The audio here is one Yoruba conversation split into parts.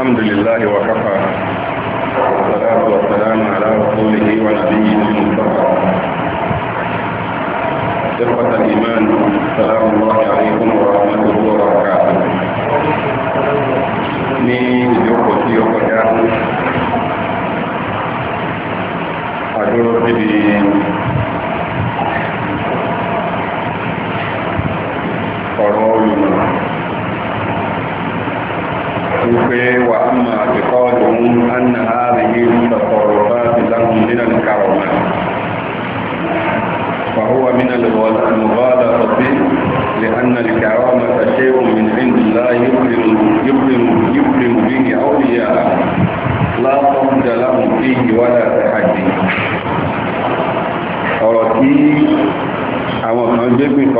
الحمد لله وكفى والصلاة والسلام على رسوله ونبيه المصطفى إخوة الإيمان سلام الله عليكم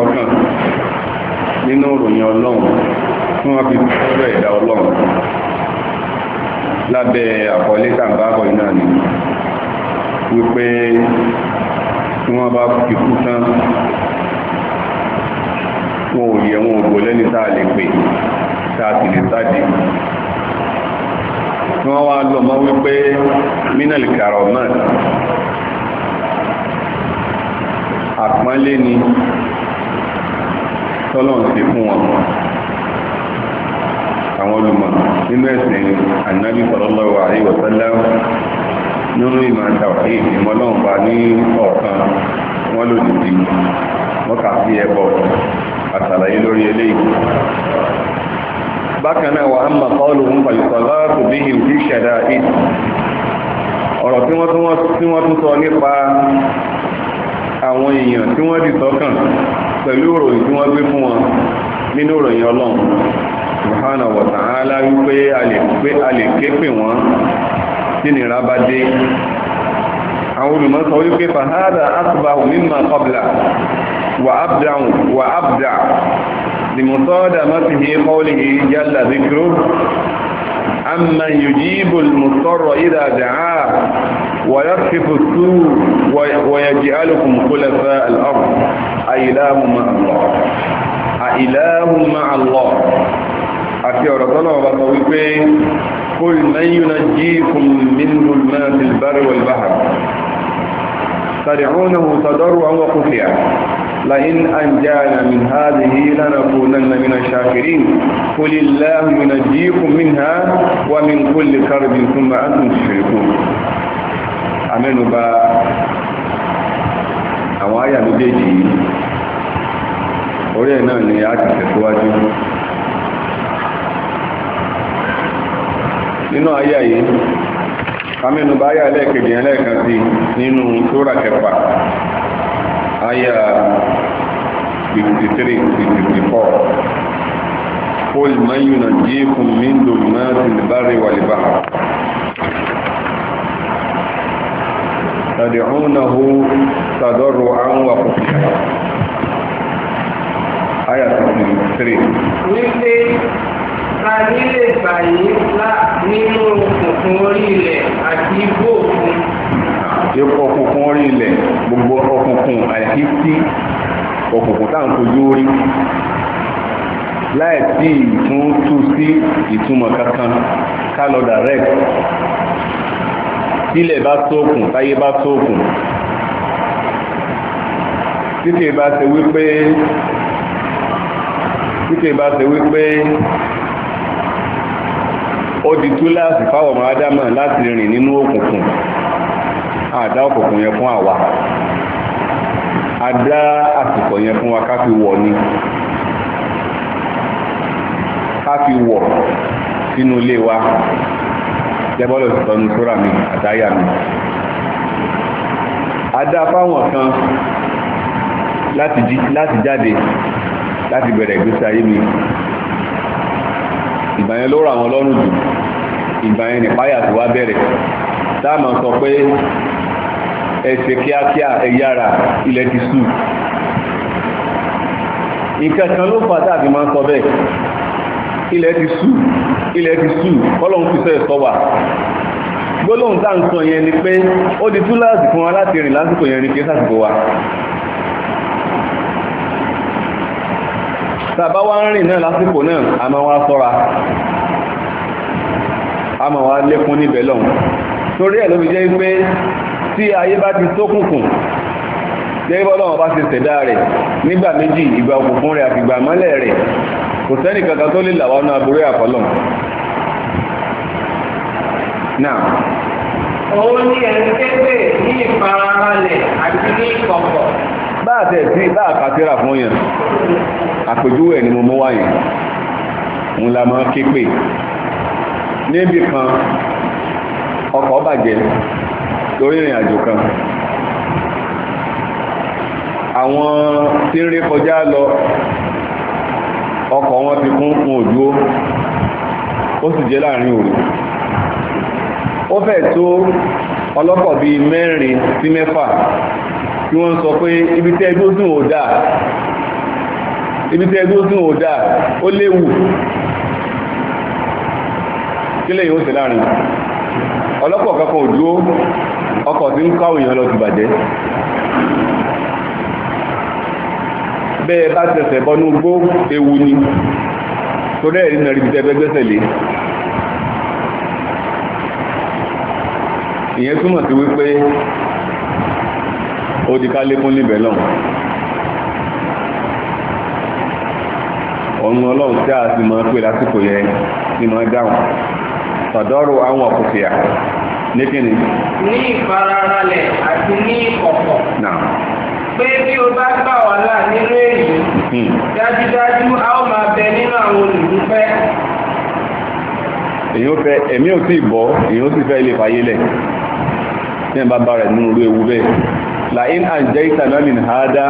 kọ̀ọ̀kan nínú ìròyìn ọlọ́run fún wọn fi fọ́rọ̀ ẹ̀dá ọlọ́run lábẹ́ àkọlé tàǹbàbọ̀ iná ni wípé tí wọ́n bá ikú tán wọn ò yẹ wọn ò gbò lẹ́ni tá a lè pè tá a sì lè sáde wọ́n wá lọ mọ́ wípé mínàlì kàrọ̀ náà àpọ́nlé ni tọ́lọ́run ṣe fún wọn àwọn olùmọ̀ nínú ẹ̀sìn ànábì sallallahu alaihi wasallam nínú ìmọ̀ àtàwọn ìmọ̀ náà bá ní ọ̀kan wọn lòdìdí wọn kà sí ẹbọ àtàlàyé lórí eléyìí bákan náà wà á mà kọ́ọ̀lù ń pàyùkọ̀ láàtò bí i òbí ṣẹ̀dá id ọ̀rọ̀ tí wọ́n tún sọ nípa àwọn èèyàn tí wọ́n dì sọ́kàn pẹ̀lú ìròyìn tí wọ́n gbé fún wọn nínú ìròyìn ọlọ́run subhana wa ta'ala wípé a lè ké pè wọ́n tí nira bá dé àwọn olùmọ̀sọ wípé fahada asbahu mimma qabla wa abda wa abda limusọ́dà mọ́síhì qawlihi jalla dhikruhu amman yujibu al-mustarra ويكشف السوء ويجعلكم خلفاء الأرض أإله مع الله أإله مع الله àti ọ̀rọ̀ الله ọba sọ قل من ينجيكم من ظلمات البر والبحر barri wal وخفيا لئن أنجانا من هذه لنكونن من الشاكرين قل الله ينجيكم منها ومن كل كرب ثم أنتم تشركون amẹ́nuba àwọn àyà méjèèjì yìí orí ẹ̀ náà ni a ti tẹ̀síwájú nínú àyà yìí amẹ́nuba àyà lẹ́ẹ̀kejì yẹn lẹ́ẹ̀kan sí nínú sóra kẹfà àyà 53 54 قل من ينجيكم من ظلمات البر والبحر tàdìrúnnahu tàdọ́rù àwọn آية àyà 63 wípé ta nílé gbàyí lá nínú òkùnkùn orí ilẹ̀ àti ibú òkun ipò òkùnkùn orí ilẹ̀ gbogbo òkùnkùn àyàfi tí òkùnkùn tá à ń fojú rí láì sí ìtúntú sí ìtumọ̀ kankan ká lọ direct bílẹ̀ bá tókùn táyé bá tókùn títí bá ṣe wípé títí bá ṣe wípé ó di túláàsì fáwọn ọmọ ádámà láti rìn nínú òkùnkùn àdá òkùnkùn yẹn fún àwa àdá àsìkò yẹn fún wa ká fi wọ̀ ni ká fi wọ̀ sínú ilé wa gẹ́bọ́lò sọ́nù sóra mi àtàyà mi adá fáwọn kan láti jáde láti bẹ̀rẹ̀ ìgbésí ayé mi ìgbà yẹn ló rọ̀ àwọn lọ́rùn jù ìgbà yẹn nìpáyà tó wá bẹ̀rẹ̀ táàmù sọ pé ẹsẹ̀ kíákíá ẹ̀yára ilẹ̀ ti sùn ìkẹ̀kan ló fà tàbí máa ń sọ bẹ́ẹ̀ ilẹ̀ ti sú ilẹ̀ ti sú ọlọ́run ti sọ ẹ̀sọ́ wà gbólóhùn tá à ń sọ yẹn ni pé ó di túláàsì fún wa láti rìn lásìkò yẹn ni kí sásìkò wa tàbá wá ń rìn náà lásìkò náà a máa wá sọ́ra a máa wá lékún níbẹ̀ lọ́hùn torí ẹ̀ ló fi jẹ́ pé tí ayé bá ti ṣókùnkùn jẹ́ bọ́lọ́wọ́ bá ti ṣẹ̀dá rẹ̀ nígbà méjì ìgbà òkùnkùn rẹ̀ àti ìgbà mọ́lẹ̀ rẹ̀ kò sẹ́ni kankan tó lè làwọn ọ̀nà àbúrò àkọlọ̀ náà. òun ni ẹni kéde ní ìfarabalẹ̀ àti ní ìkọ̀kọ̀. bá a tẹ̀ sí bá a kàtẹ́rà fún yẹn àpèjúwe ni mo mú wá yẹn òun la máa ké pè níbi kan ọkọ̀ bàjẹ́ lórí ìrìn àjò kan àwọn tí ń rí kọjá lọ ọkọ̀ wọn ti kún fún òjò ó sì jẹ́ láàrin òru ó fẹ́ tó ọlọ́pọ̀ bíi mẹ́rin sí mẹ́fà tí wọ́n sọ pé ibi tẹ́ ẹgbẹ́ òsùn ò dáa ibi tẹ́ ẹgbẹ́ òsùn ò dáa ó léwu kí lẹ́yìn ó sì láàrin ọlọ́pọ̀ kankan ò dúró ọkọ̀ tí ń káwò èèyàn lọ ti bàjẹ́ bẹ́ẹ̀ bá tẹ̀sẹ̀ bọ́nú gbó ewu ni tó dẹ́rẹ̀ nínú rí tẹ́ gbẹ́gbẹ́sẹ̀ lé ìyẹn túmọ̀ sí wípé ó di ká lékún níbẹ̀ lọ ọ̀run ọlọ́run tí a sì máa pè lásìkò yẹn ni máa dáhùn tọ̀dọ́rọ̀ àwọn ọ̀kùnfìyà ní kíni. ní ìfararalẹ̀ àti ní ìkọ̀kọ̀. náà pé bí o bá gbà wá là nínú èyí hmm. dájúdájú a ó máa bẹ nínú àwọn olùdúpẹ́. èyí ó fẹ́ ẹ̀mí ò tí ì bọ́ èyí ó sì fẹ́ ilé fàyè lẹ̀ ní ẹ̀ bá bá rẹ̀ nínú orí ewu bẹ́ẹ̀ làyín àǹjẹ́ ìtàlámì ní àádá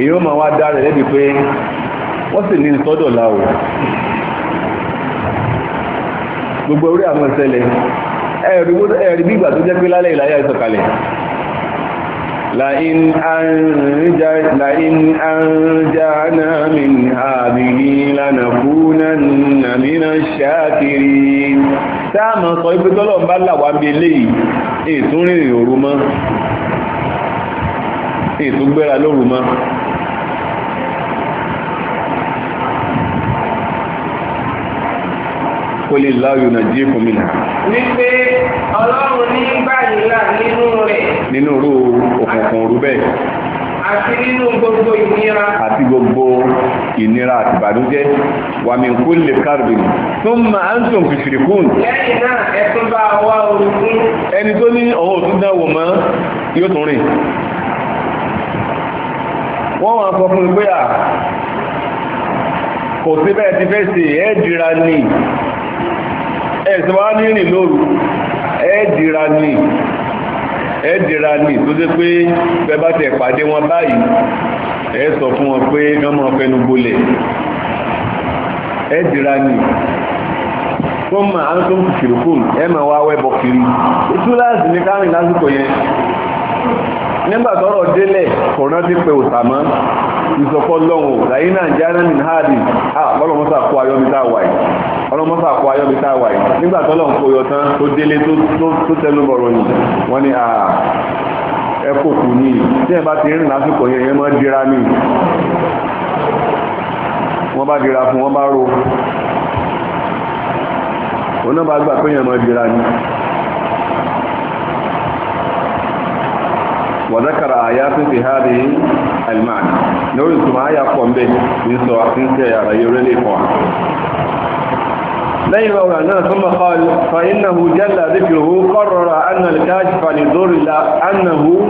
èyí ó máa wá dá rẹ̀ lẹ́bi pé wọ́n sì ní ìtọ́dọ̀ la o gbogbo orí àwọn ìṣẹ̀lẹ̀ ẹ̀rí bí ìgbà tó jẹ́ pé lálẹ́ ìlàyà ìsọ̀kalẹ̀ لئن أنجانا من هذه لنكونن من الشاكرين táàmù sọ ibi tọ́lọ̀ ń bá làwà bí eléyìí ètò rìnrìn òru mọ́ ètò gbéra lóru mọ́ kólé láàyò náà jí fún mi nà. wípé ọlọ́run ní báyìí là nínú rẹ̀. nínú irú òkùnkùn òru bẹ́ẹ̀. àti nínú gbogbo ìnira. àti gbogbo ìnira àti ìbànújẹ́ wà mí kó lè kárìbì tó máa ń tún fìfìrì kún. lẹ́yìn náà ẹ tún bá wa orogún. ẹni tó ní ọ̀hún òtún náà wò mọ́ yóò tún rìn. wọ́n wá sọ fún mi pé à kò sí ti fẹ́ ṣe ẹ́ dira ni ẹ̀sìn wá ní rìn lóru ẹ̀ẹ́dìra ni ẹ̀ẹ́dìra ni tó dé pé bẹ́ẹ̀ bá tẹ̀ pàdé wọn báyìí ẹ sọ fún wọn pé kán máa fẹnu gbolẹ̀ ẹ̀ẹ́dìra ni tó máa á ń tó ń kìkìrì fóònù ẹ̀ máa wá wẹ́bọ̀ kiri ìtúláàsì ní kárìn lásìkò yẹn nígbà tọ́rọ̀ délẹ̀ kò rántí pé òtà mọ́ ìsọ̀kọ́ lọ́hùn làyín náà jáde ní háàdì ọlọ́mọ́sà kó ayọ́mi tá a wà yìí ọlọ́mọ́sà kó ayọ́mi tá a wà yìí nígbà tọ́lọ̀ ń kó yọ tán tó délé tó tẹnu bọ̀rọ̀ ni wọ́n ní ẹ̀kọ́ kù ní tí ẹ bá ti rìn lásìkò yẹn yẹn máa dira ní wọ́n bá dira fún wọ́n bá ro òun náà bá gbà pé yẹn máa dira ní. وذكر آيات في هذه المعنى نقول ثم آية قم به من سواء سنسى يا رجل الإخوان لين مولانا ثم قال فإنه جل ذكره قرر أن الكاشف للضر لا أنه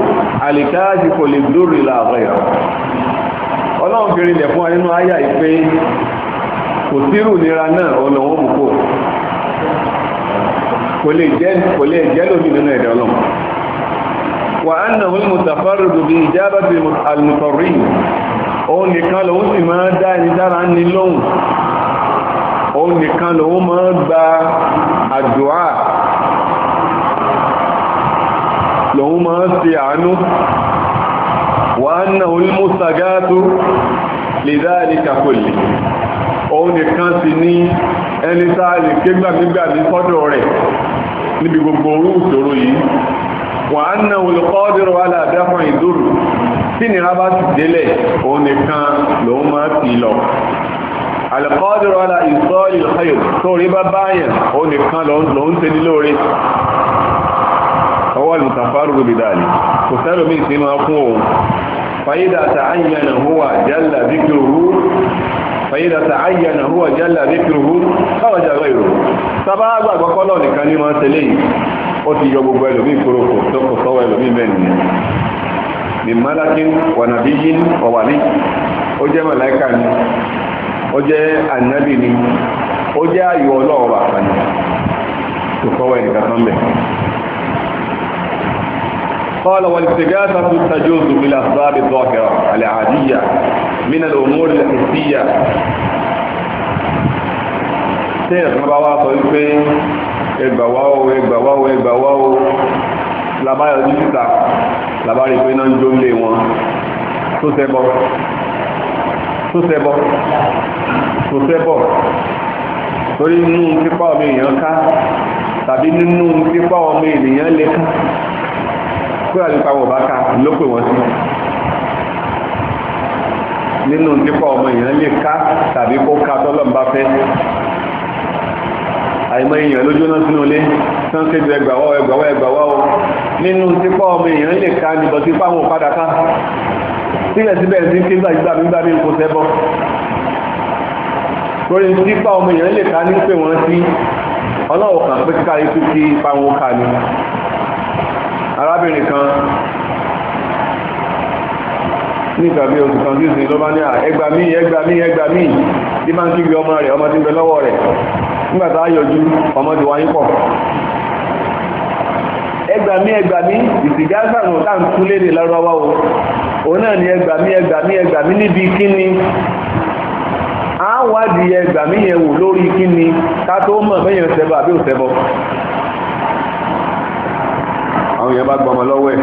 الكاشف للضر لا غيره ọlọ́run fi rinlẹ̀ fún wa nínú àyà ìpè kò sírù nira náà ọlọ́run mú kò lè jẹ́ lómi ẹ̀dẹ̀ ọlọ́run وأنه المتفرد بإجابة المضطرين òun nìkan lòun sì máa dá ẹni dára ní lóhùn òun nìkan lòun máa gba àdúà lòun máa ṣe àánú وأنه المستغاث لذلك كله òun nìkan sì ní ẹni tá a lè ké gbàgbégbàgbé sọ́dọ̀ rẹ̀ níbi gbogbo orú ìṣòro yìí wà á na olùkọ́dúró aláàdáhùn ìdúró tí nira bá ti délẹ̀ òun nìkan lòun máa fi lọ alùkọ́dúró alá ìsọ́ọ̀lì ọ̀hayò tó rí bá báyàn òun nìkan lòun ṣe ní lóore ọwọ́ àlùmùtàfàrù rúbìdàlì kò sẹ́lómi ìsinmi fún òun fàyídà tààyàn huwa jálà díkìrúhú fàyídà tààyàn huwa jálà díkìrúhú báwọn jàgbé ìrò sábà gbàgbọ́kọ́lọ̀ nìkan ní máa tẹ̀lé yìí ó ti yọ gbogbo ẹlòmíì kúrò tó kò sọ́wọ́ ẹlòmíì mẹ́rin ní malakin wànàbí yín ọ̀wàlí ó jẹ́ màláìka ni ó jẹ́ ànábì ni ó jẹ́ ayò ọlọ́run àkànní kò sọ́wọ́ ẹnìkan tán bẹ̀. قال والاستغاثة تجوز بالأسباب الظاهرة العادية من الأمور الحسية. سيد ما بقى ẹgbà wá o ẹgbà wá o ẹgbà wá o làbáyọ̀ ní síta làbárí pé náà ń jó lé wọn tó sẹ́bọ̀ tó sẹ́bọ̀ tó sẹ́bọ̀ torí nínú pípa ọmọ èèyàn ká tàbí nínú pípa ọmọ ènìyàn lè ká kó àti pàwọ̀ bá ká ló pè wọ́n sí nínú pípa ọmọ èèyàn lè ká tàbí kó ká tọ́lọ́mbá fẹ́ àìmọ èèyàn lójú náà sínú ilé tán kéde ẹgbàwọ́ ẹgbàwọ́ ẹgbàwọ́ o nínú tipa ọmọ èèyàn lè ka nìbọn tipa àwọn òpadà ká síbẹ̀síbẹ̀ sí ké gbàgbà gbígbà ní kò sẹ́bọ̀ lórí tipa ọmọ èèyàn lè ka ní pé wọ́n sí ọlọ́wọ́ kan pé kíkà yìí ti ipa wọn kà ní arábìnrin kan nígbà bí oṣù kan tí ó sì ló bá ní à ẹgbàmí ẹgbàmí ẹgbàmí tí máa ń kí ọmọ rẹ̀ ọmọ tí ń bẹ lọ́wọ́ rẹ̀ nígbà tá a yọjú ọmọdé wa yín pọ̀ ẹgbàmí ẹgbàmí ìsìgáàsà nù tá à ń kú léde lárúbáwá o òun náà ní ẹgbàmí ẹgbàmí ẹgbàmí níbi kíni á wádìí ẹgbàmí yẹn wò lórí kíni ká tó mọ̀ bẹ́yẹn ṣẹbọ àbí òṣẹbọ àwọn yẹn bá gbọmọ lọ́wọ́ ẹ̀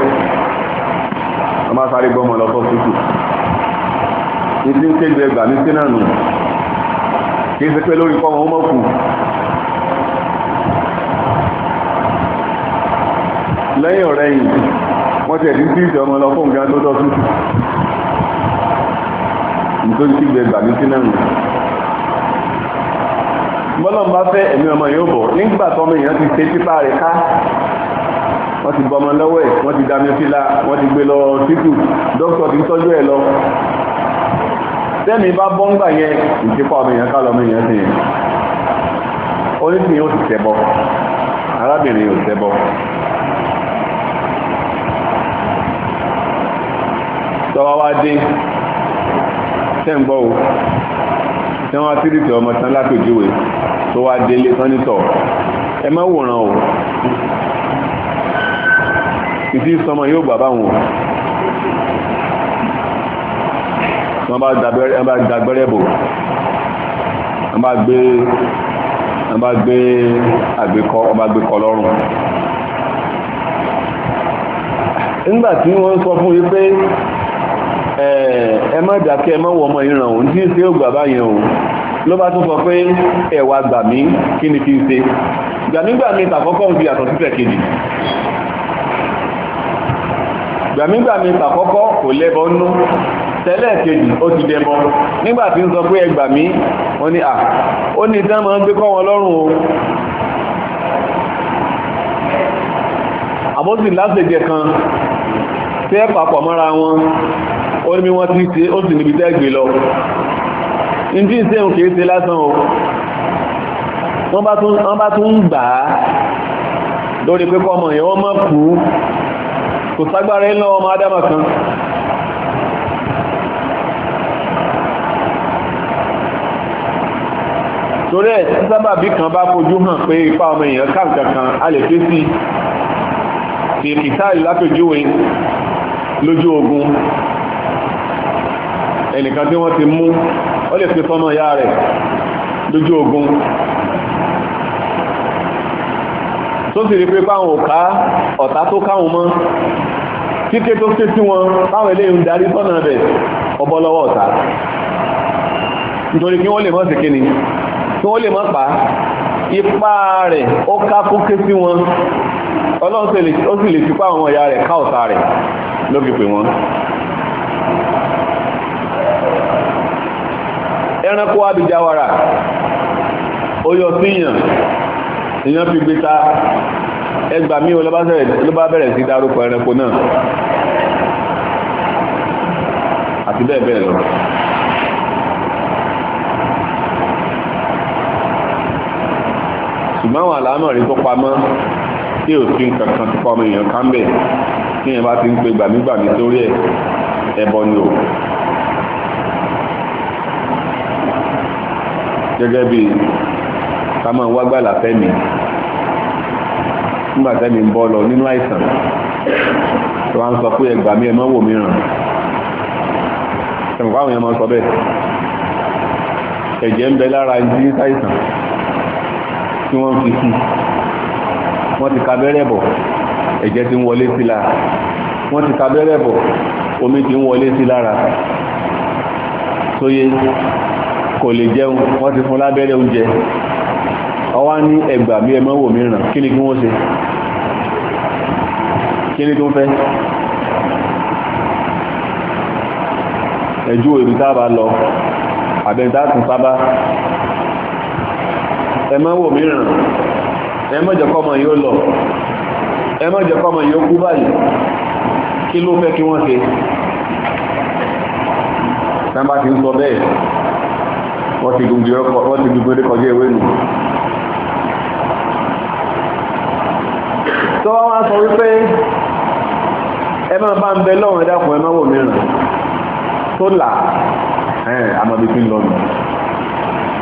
wọ́n bá sáré gbọmọ lọ fọ́ tútù ìdí ń kéde ẹgbàmí sí náà nù kì í ṣe pé lórí kọ́ wọn ó mọ̀ kù. lẹ́yìn ọ̀rẹ́ yìí wọ́n ti ẹ̀dín sí ìjọ ọmọ lọ fún nǹkan tó dọ́tún nítorí kí gbẹ gbàgbé sí náà nù bọ́lọ́n bá fẹ́ ẹ̀mí ọmọ yóò bọ̀ nígbà tọ́mọ èèyàn ti ṣe tipa rẹ̀ ká wọ́n ti bọ́ ọmọ lọ́wọ́ ẹ̀ wọ́n ti dami fílà wọ́n ti gbé lọ títù dókítà ti tọ́jú ẹ̀ lọ tẹ́mi bá bọ́ngbà yẹn ìtìpá ọmọ èèyàn kálọ̀ ọmọ èèyàn sí yẹn onísìnyí ó sì tẹ́bọ arábìnrin ò tẹ́bọ. tọ́wá wá dé tẹ́ ń gbọ́ o tẹ́ wọ́n á tírìtì ọmọ tán lápèjúwe tó wá délé sọ́nítọ̀ ẹ má wòran o ìdí sọmọ yóò gbà báwọn o. wọ́n bá gbàgbẹ́rẹ́ bò wọ́n bá gbé wọ́n bá gbé àgbékọ́ wọ́n bá gbé kọ́ lọ́rùn nígbà tí wọ́n sọ fún yín pé ẹ má dákẹ́ ẹ má wọ ọmọ ìran òun tí ń ṣe ògbà báyẹn o ló bá tún sọ pé ẹ̀wà gbàmí kí ni kí n ṣe gbàmígbàmí tàkọ́kọ́ ń fi àtọ̀ sílẹ̀ kejì gbàmígbàmí tàkọ́kọ́ kò lẹ́bọ̀ nú tẹ́lẹ̀kejì ó ti dẹbọ nígbà tí ń sọ pé ẹgbà mí wọ́n ní à ó ní tán máa ń gbé kọ́ wọn lọ́rùn o àbóṣì lásìkè kan tẹ́ papọ̀ mọ́ra wọn ó ní bí wọ́n ti ṣe ó sì níbi tẹ́ gbé lọ ìdí ìṣẹ́hùn kìí ṣe lásán o wọ́n bá tún ń gbà á lórí pé kọ́ ọmọ yẹn wọ́n mọ̀ kú kò ságbára ńlọ ọmọ adámọ̀ kan torí ẹ̀ tí sábàbí kan bá fojú hàn pé ipa ọmọ èèyàn ká nǹkan a lè ké sí ti kìtáàlì lápèjúwe lójú ogun ẹnìkan tí wọ́n ti mú ó lè fi sọ́nà ìyá rẹ̀ lójú ogun tó sì rí pé báwọn ò ká ọ̀tá tó káwọn mọ́ kíké tó ké sí wọn báwọn eléyìí ń darí sọ́nà rẹ̀ ọbọ lọ́wọ́ ọ̀tá nítorí kí wọ́n lè mọ́ sí kíni kí wọ́n lè má pa ipá rẹ̀ ó ká fún ké sí wọn ọlọ́run ó sì lè fipá àwọn ọ̀yà rẹ̀ ká ọ̀tá rẹ̀ ló fi pè wọ́n ẹranko abìjáwara ó yọ síyàn èèyàn fi gbé ta ẹgbà mí ló bá bẹ̀rẹ̀ sí dárúkọ ẹranko náà àti bẹ́ẹ̀ bẹ́ẹ̀ lọ ṣùgbọ́n àwọn àlámọ̀ rí tó pamọ́ tí ò sí nǹkan kan tó pamọ́ èèyàn ká ń bẹ̀ tí èèyàn bá ti ń pe gbàmígbàmí sórí ẹ̀ ẹbọ ni o. gẹ́gẹ́ bí ká máa wá gbàlà fẹ́mi nígbà tẹ́mi ń bọ́ lọ nínú àìsàn tó wá ń sọ pé ẹgbà mi ẹ mọ́ wò mìíràn ẹ̀mùkọ́ àwọn èèyàn máa sọ bẹ́ẹ̀ ẹ̀jẹ̀ ń bẹ lára ẹni tí ń ṣàìsàn tí wọ́n fi kú wọ́n ti ka bẹ́rẹ̀ bọ̀ ẹ̀jẹ̀ ti ń wọlé sí lára wọ́n ti ka bẹ́rẹ̀ bọ̀ omi ti ń wọlé sí lára sóyé kò lè jẹun wọ́n ti fún lábẹ́rẹ́ oúnjẹ ọwá ní ẹgbà bí ẹmọ́ wò mìíràn kí ni kí wọ́n ṣe kí ni tó ń fẹ́ ẹjú òbí sábà lọ àbẹ̀ntà tún sábà ẹ má wò mìíràn ẹ má jẹ́ kọ́mọ yóò lọ ẹ má jẹ́ kọ́mọ yóò kú báyìí kí ló fẹ́ kí wọ́n ṣe nàbà ti ń sọ bẹ́ẹ̀ wọ́n ti gbogbo eré kọjá ewé nù tó wá wá sọ wípé ẹ máa bá ń bẹ lọ́wọ́n ẹ dákun ẹ má wò mìíràn tó là ẹ àmọ́bí fi ń lọ nù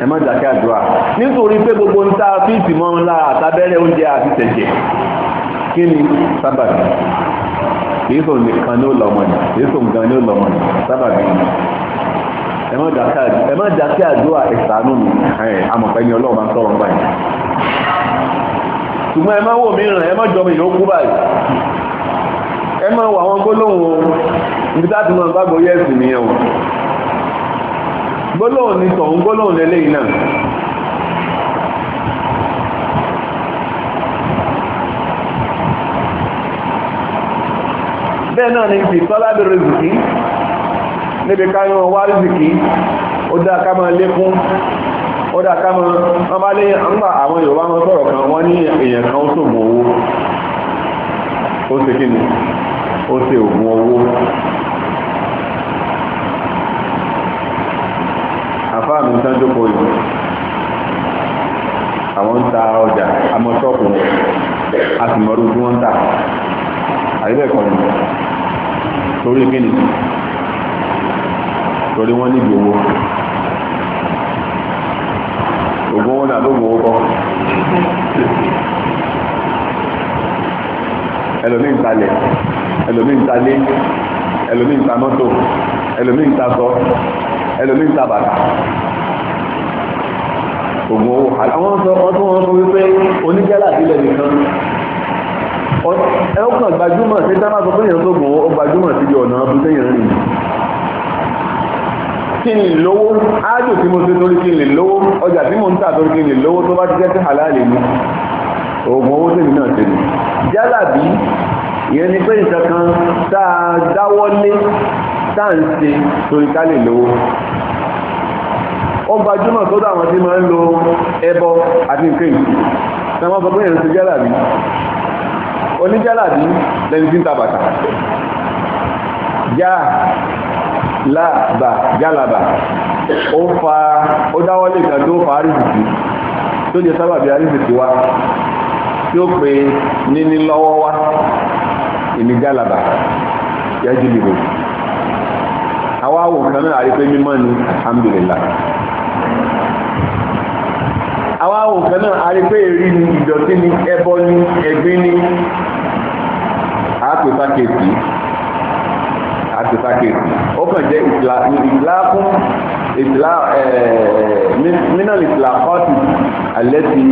ẹ má dàkẹ́ àdúrà nítorí pé gbogbo ń tá a fi ńlá àtàbẹ́rẹ́ oúnjẹ àti tẹ̀jẹ̀ kí ni sábàbí èso nìkan ní ọlọmọdé èso nǹkan ní ọlọmọdé sábàbí ẹ má dàkẹ́ àdúrà ìsànú mi amọ̀pẹ́ni ọlọ́run máa ń sọ̀rọ̀ báyìí ṣùgbọ́n ẹ má wò mí ràn ẹ má jọ mi ìyókù báyìí ẹ má wọ àwọn gbólóhùn ibi tá a ti mọ gbàgbọ́ yẹ́sì nìyẹn o. gbólóhùn ni tọ̀hún gbólóhùn lélẹ́yìn náà. bẹ́ẹ̀ náà ni fi tọ́lá reziki. rìzìkì níbi káyọ̀ wá rìzìkì ó dá ká lékún ó dá ká máa bá lé àwọn Yorùbá wọn sọ̀rọ̀ kan wọ́n ní èèyàn kan ó sòmù owó ó ṣe kí ni ó ṣe òògùn owó àfáà mi tán jókòó yìí àwọn ń ta ọjà àmọ́ ṣọ́ọ̀pù wọn a sì mọ̀rú tí wọ́n ń tà àríbẹ̀kọ́ ni torí kí ni torí wọ́n níbi owó ògùn wọn àdógún owó kọ́ ẹlòmí ń talẹ̀ ẹlòmí ń talé ẹlòmí ń ẹlòmí ń ẹlòmí ń oògùn owó àwọn sọ ọtún wọn fún wípé oníjàlá àbílẹ̀ nìkan ẹ ó kàn gbajúmọ̀ sí tá a bá sọ fún èèyàn sóògùn ó gbajúmọ̀ síbi ọ̀nà ọdún téèyàn rìn kí n lè lówó ájò tí mo ṣe torí kí n lè lówó ọjà tí mo ń tà torí kí n lè lówó tó bá ti jẹ́ sí halal ni oògùn owó tèmi náà tèmi jálàbí ìyẹn ni pé nǹkan kan tá a dáwọ́ lé tá à ń ṣe torí ká lè lówó ó gbajúmọ̀ sọ́dọ̀ àwọn tí máa ń lo ẹbọ àti nǹkan yìí tí wọ́n sọ pé èrò ti jálàbí oníjálàbí lẹni tí ń ta bàtà já láàbà jálàbà ó fa ó dáwọ́lé kan tó fa àrísìkì tó jẹ sábàbí àrísìkì wa tí ó pe níní lọ́wọ́ wá ìní jálàbà yájú lìbò àwa wò kan náà àrí pé mímọ́ ni alhamdulillah àwa àwọn nǹkan náà a rí pé èrí ni ìdọ̀tí ni ẹbọ ni ẹ̀gbin ni àápè pákéètì àápè pákéètì ó kàn jẹ́ ìtìlá fún ìtìlá mínà ìtìlá kọ́ọ̀tù alẹ́ ti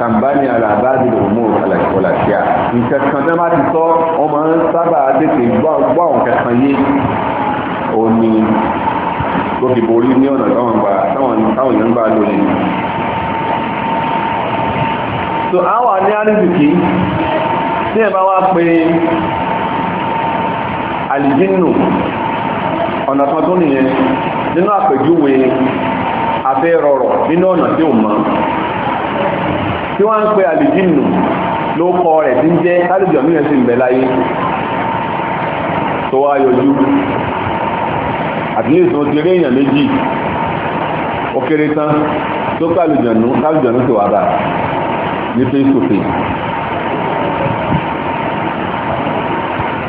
kàmbáni alábàdì lòmù ọ̀làṣíà nǹkan kan tó bá ti sọ ọmọ sábà tètè gbọ́ àwọn kankan yé òní. ló fi borí ní ọ̀nà táwọn gbà táwọn èèyàn gbà lónìí ni. so àwọn ní arísìkí tí ẹ bá wá pé àlìjínù ọ̀nà kan tó nìyẹn nínú àpèjúwe afẹ́ nínú ọ̀nà tí ò mọ́ tí wọ́n ń pe àlìjínù ló kọ rẹ̀ tí ń jẹ́ kálíjọ́ mìíràn sì ń bẹ láyé tó wá yọjú at least mo ti rí èèyàn méjì ó kéré tán tó kálùjọ̀nù kálùjọ̀nù ti wà bá ní face to face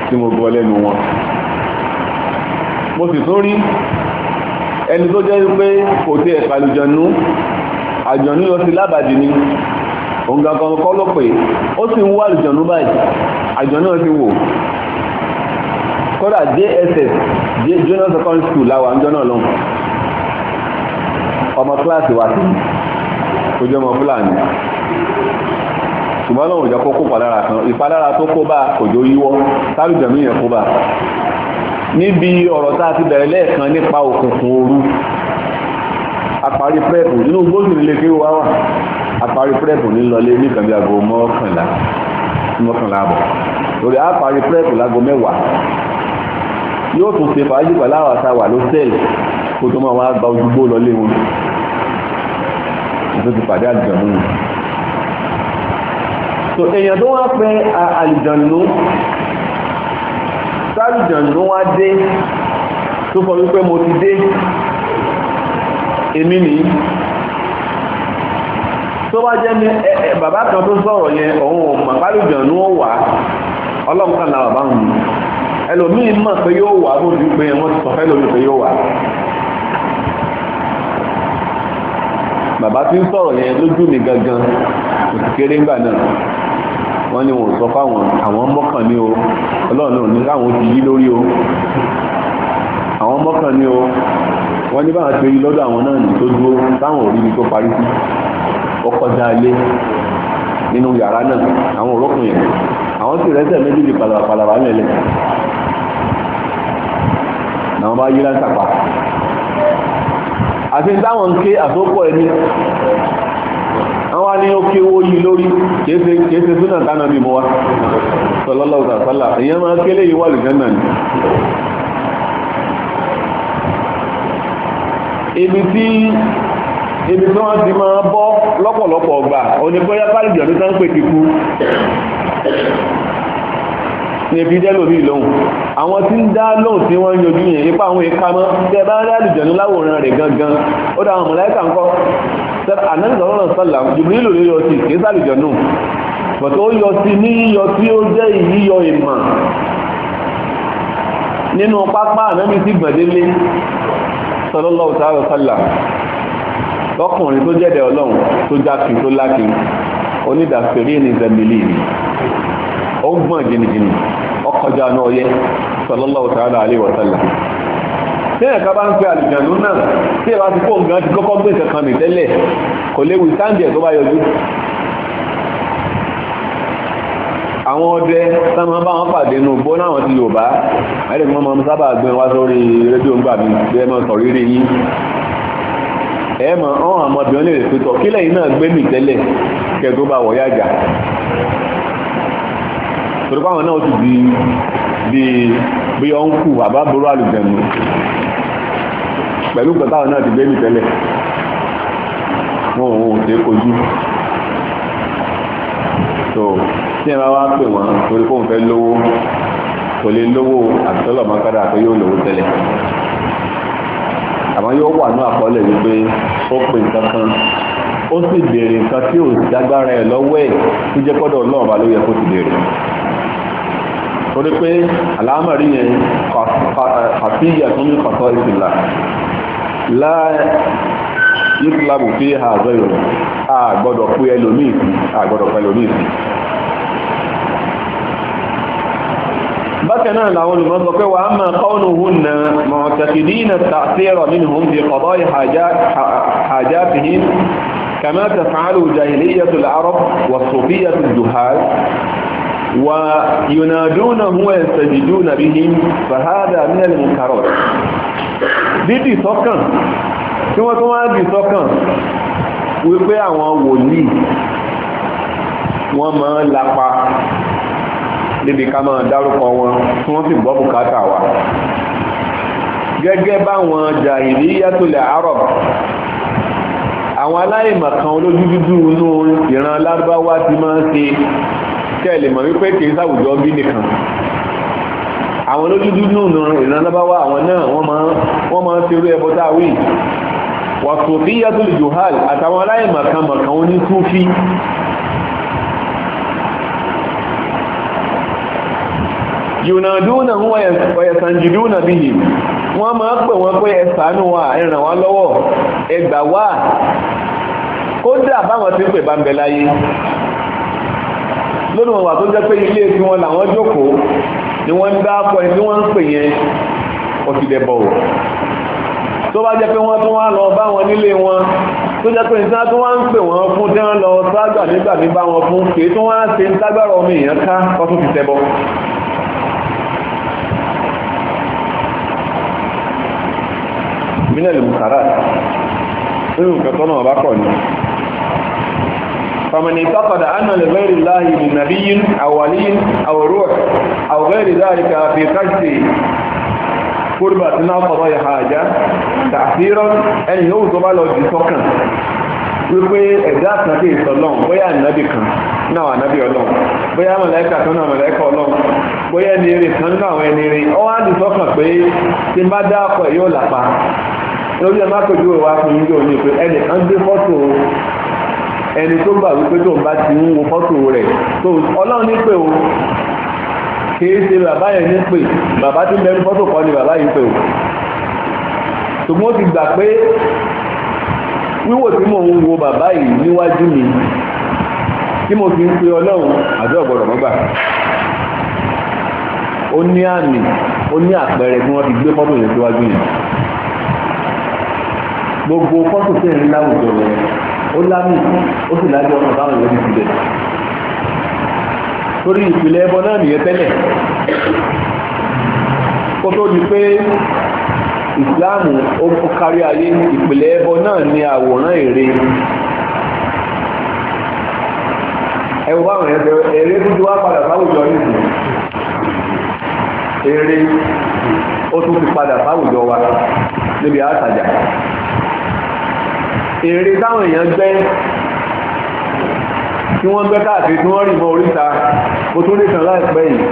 tí mo gbọ́ lẹ́nu wọn mo sì tún rí ẹni tó jẹ́ pé kò tí ẹ̀ kálùjọ̀nù àjọ̀nù lọ sí lábàdì ni òǹgàgàn kọ́ ló pé ó sì ń wá àlùjọ̀nù báyìí àjọ̀nù náà ti wò kódà JSS junior secondary school láwa ń jọ́nà lọ́hùn ọmọ kíláàsì wa sí ojú ọmọ fúlàní ṣùgbọ́n lọ́wọ́ ìjọ kó kó palára kan ìpalára tó kó bá òjò yíwọ́ sábìjọ̀mí yẹn kó bá níbi ọ̀rọ̀ tá a ti bẹ̀rẹ̀ lẹ́ẹ̀kan nípa òkùnkùn òru àparí prẹ́pù nínú gbóòsì nílé kí wá wà àparí prẹ́pù nílọlé nìkan bí aago mọ́kànlá mọ́kànlá àbọ̀ lórí àparí prẹ́pù láago mẹ́wàá yóò tún ṣe fàájì pẹ̀lú àwọn àtàwà ló sẹ́ẹ̀lì kó tó máa wá gba ojúgbó lọlé wọn tó ti pàdé àlìjànú wọn. so èèyàn tó wá pẹ àlìjànú sálìjànú wá dé tó sọ wípé mo ti dé èmi nìyí tó bá jẹ́ ní bàbá kan tó sọ̀rọ̀ yẹn òun ò mọ̀ pálíjànú ó wà ọlọ́run kan náà bàbá òun ẹlòmíín mọ̀ pé yóò wà ló ju pé wọ́n ti sọ fẹ́ lómi pé yóò wà. bàbá tí ń sọ̀rọ̀ yẹn lójú mi gangan òsì kéré ńgbà náà wọ́n ní wọn ò sọ fáwọn àwọn mọ́kàn ní o ọlọ́run ò ní káwọn ti yí lórí o àwọn mọ́kàn ní o wọ́n ní báwọn ti rí lọ́dọ̀ àwọn náà ní tó dúró táwọn ò rí ibi tó parí sí ọkọ̀ dá ilé nínú yàrá náà àwọn òrókùn yẹn àwọn sì rẹ́sẹ̀ méjì di pàlàpàlàpà nílẹ̀ làwọn bá yíra sàpà àti táwọn ń ké àtọ́pọ̀ ẹni àwọn ni ó kéwó yí lórí kéèsè súnà tánà bí mọ́ wá sallallahu alaihi wasallam èyàn máa kélé yíwà lùjánà ni ibi tí ibi tí wọ́n ti máa bọ́ lọ́pọ̀lọpọ̀ ọgbà onígbóyá pálíjọ̀ ní sáńpẹ̀ kíkú ní fi dẹ́lò mí lóhùn àwọn tí ń dá lóhùn tí wọ́n ń yọjú yẹn nípa àwọn ìka mọ́ tẹ́ bá rí àlùjànnú láwòrán rẹ̀ gangan ó dá àwọn mọ̀láìkà ńkọ́ ànáìsọ̀rọ̀ sọ̀là jùbìlì ló yọ sí kì í sàlùjànnú bọ̀tọ̀ ó yọ sí ní yíyọ tí ó jẹ́ ìyíyọ ìmọ̀ nínú pápá ànábì sí gbọ̀délé sallallahu ta'ala sallam lọ́kùnrin tó jẹ́dẹ̀ ọlọ́run tó jákin tó lákin onídàfẹ́rí ní zẹ̀mìlì ó gbọ̀n jìnnìjìnnì ọkọjá náà yẹ sallallahu ta'ala alaihi wa sallam tẹ́yìn ká bá ń pe àlùjànnú náà tí ẹ bá ti kó nǹkan ti kọ́kọ́ gbé nǹkan kan nì tẹ́lẹ̀ kò léwu sáǹdì ẹ̀ tó bá yọjú àwọn ọdẹ táwọn bá wọn pàdé nù bó láwọn ti Yorùbá ẹ̀rẹ́ mi máa ń sábà gbé wá sórí rédíò ńgbà mi bí ẹ máa sọ rírí yín ẹ mọ̀ ọ́n àmọ́ bí wọ́n lè rè pé kílẹ̀ yìí náà gbé nì tẹ́lẹ̀ kẹ́ tó bá wọ̀ yájà torí pàwọn náà ti di di bí ọ̀nkù àbáboro àlùjẹ̀nu pẹ̀lú pẹ̀lú àwọn náà ti gbé mi tẹ́lẹ̀ wọn ò tẹ́ kojú so tí ẹ bá wá pè wọ́n torí kóun fẹ́ lówó kò lè lówó àtọ́lọ̀ mọ́kádà pé yóò lówó tẹ́lẹ̀ àmọ́ yóò wà ní àkọọ́lẹ̀ wípé ó pè nǹkan kan ó sì béèrè nǹkan tí ò dágbára ẹ̀ lọ́wọ́ ẹ̀ tó jẹ́ kọ́dọ̀ ọlọ́ọ̀bá ló yẹ kó ti béèrè torí pé àlámọ̀rí yẹn kàfíyà eh, tó ní kọ̀tọ́ ìsìlá láà yíkùlábù fi hà àzọ ìrọ̀ a gbọ́dọ̀ pé ẹlòmíì sí a gbọ́dọ̀ pé ẹlòmíì sí. bákan náà làwọn olùmọ̀ sọ pé wàá máa kọ́ọ̀nù hùn na mọ̀tàkìdí na tàṣírọ̀ nínú hùn fi kọ̀tọ́ ìhàjá fìhín kàmá tàfàálù jahiliyyatu al-arab wà sòfíyà tó dùhàl وينادونه ويستجدون بهم فهذا من المنكرات dídì sọ́kàn tí wọ́n tó wá dì sọ́kàn wípé àwọn wòlíì wọ́n máa ń lapa níbi ká máa dárúkọ wọn tí wọ́n sì gbọ́ bùkátà wa gẹ́gẹ́ báwọn jahiliyatul arab àwọn aláìmọ̀kan olójú dúdú inú ìran lárúbáwá ti máa ń ṣe kẹ́ ẹ lè mọ̀ wípé kì í sáwùjọ bí nìkan àwọn olójúdú nùnú ìrànlọ́báwá àwọn náà wọ́n máa wọ́n máa ṣerú ẹbọ tá a wí wàsòfí yàtò lè johal àtàwọn aláìmọ̀kànmọ̀kàn oní súfí yùnàdúnà wọ̀yẹ̀sànjìdúnà bí i wọ́n máa pè wọ́n pé ẹ ṣàánú wa ẹ ràn wá lọ́wọ́ ẹ gbà wá kódà báwọn ti pè bá ń bẹ láyé lónìí wọn wà tó jẹ́ pé ilé tí wọn làwọn jókòó ni wọ́n ń dá akọ ẹni tí wọ́n ń pè yẹn ọ̀sìdẹ̀bọ̀ wò tó bá jẹ́ pé wọ́n tún wá lọ bá wọn nílé wọn tó jẹ́ pé nǹkan tó wá ń pè wọ́n fún tí wọ́n lọ ságbà nígbà mi bá wọn fún kì í tó wá ń ṣe ń tágbára ọmọ èèyàn ká ọtún fi tẹ́bọ̀ mínẹ́lì mùsàrà nínú nǹkan tọ́nà ọ̀bá kọ̀ ni فمن اعتقد أن لغير الله من نبي أو ولي أو روح أو غير ذلك في قصد قربة ناقضة حاجة تأثيرا أن يوضب على جسوكا wípé ẹ̀dá kan kì í sọ lọ́hùn bóyá ànábì kan náà ànábì ọlọ́hùn bóyá mọ̀lẹ́kà kan náà mọ̀lẹ́kà ọlọ́hùn bóyá ẹni eré kan náà àwọn ẹni eré ọwọ́ àdùn sọ́kàn pé tí n dá ọkọ̀ yóò làpá lórí ẹ̀ má kojú ìwà fún yín ní pé ẹnì kan gbé fọ́tò ẹni tó gbà wípé tóun bá ti ń wo fọ́tò rẹ̀ tó ọlọ́run ní pé o kìí ṣe bàbá yẹn ní pé bàbá tí ń bẹ ní fọ́tò kan ni bàbá yìí pé o ṣùgbọ́n ó ti gbà pé wíwò tí mò ń wo bàbá yìí níwájú mi tí mo fi ń pe ọlọ́run àbí ọ̀gbọ̀dọ̀ mọ́gbà ó ní àmì ó ní àpẹẹrẹ tí wọ́n ti gbé fọ́tò yẹn síwájú yẹn gbogbo fọ́tò tẹ̀ ń láwùjọ yẹn ó lámì ó sì lájọ ọ̀nà táwọn èèyàn ti tilẹ̀ torí ìpìlẹ̀ ẹbọ náà nìyẹn tẹ́lẹ̀ kó tó di pé ìsìláàmù ó kárí ayé ìpìlẹ̀ ẹbọ náà ní àwòrán ère ẹwọ báwọn yẹn bẹ ère dúdú wá padà sáwùjọ nìyí ère ó tún ti padà sáwùjọ wa níbi àtàjà èrè táwọn èèyàn gbẹ́ tí wọ́n gbẹ́ káàkiri tí wọ́n rì mọ́ oríta mo tún lè láìpẹ́ yìí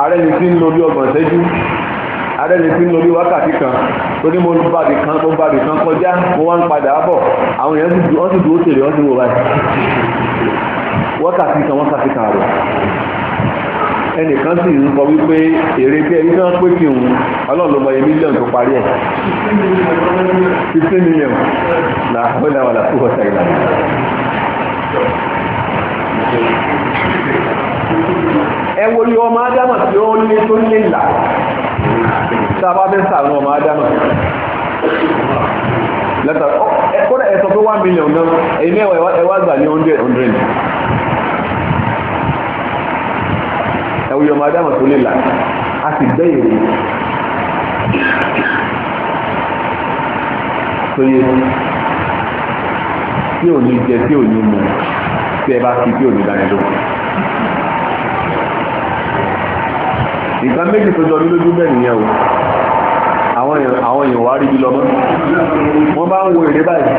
ààrẹ ni tí ń lo bí ọgbọ̀n ṣẹ́jú ààrẹ ni tí ń lo bí wákàtí kan tó ní mo bàbí kan tó bàbí kan kọjá mo wá ń padà bọ̀ àwọn èèyàn wọ́n sì dúró tèrè wọ́n sì wò báyìí wákàtí kan wákàtí kan àrò ẹnìkan sì ń sọ wípé èrè tí ẹni náà pé kí òun ọlọ́run ló mílíọ̀nù tó parí ẹ̀ fifteen million là ó náà wà láti wọ́n ṣàyẹ̀lá. ẹ wo ni ọmọ ádámà tí ó lé tó lé là sàánú ọmọ ẹ̀wù yọmọ adáhùn tó lè là á sì gbẹ́ ìrè tó yẹ tí ò ní jẹ tí ò ní mu tí ẹ bá fi tí ò ní dání ló. nǹkan méjì tó jọ ní bẹ́ẹ̀ nìyẹn o àwọn èèyàn wá rí bí lọ́mọ́ wọ́n bá ń wo èrè báyìí.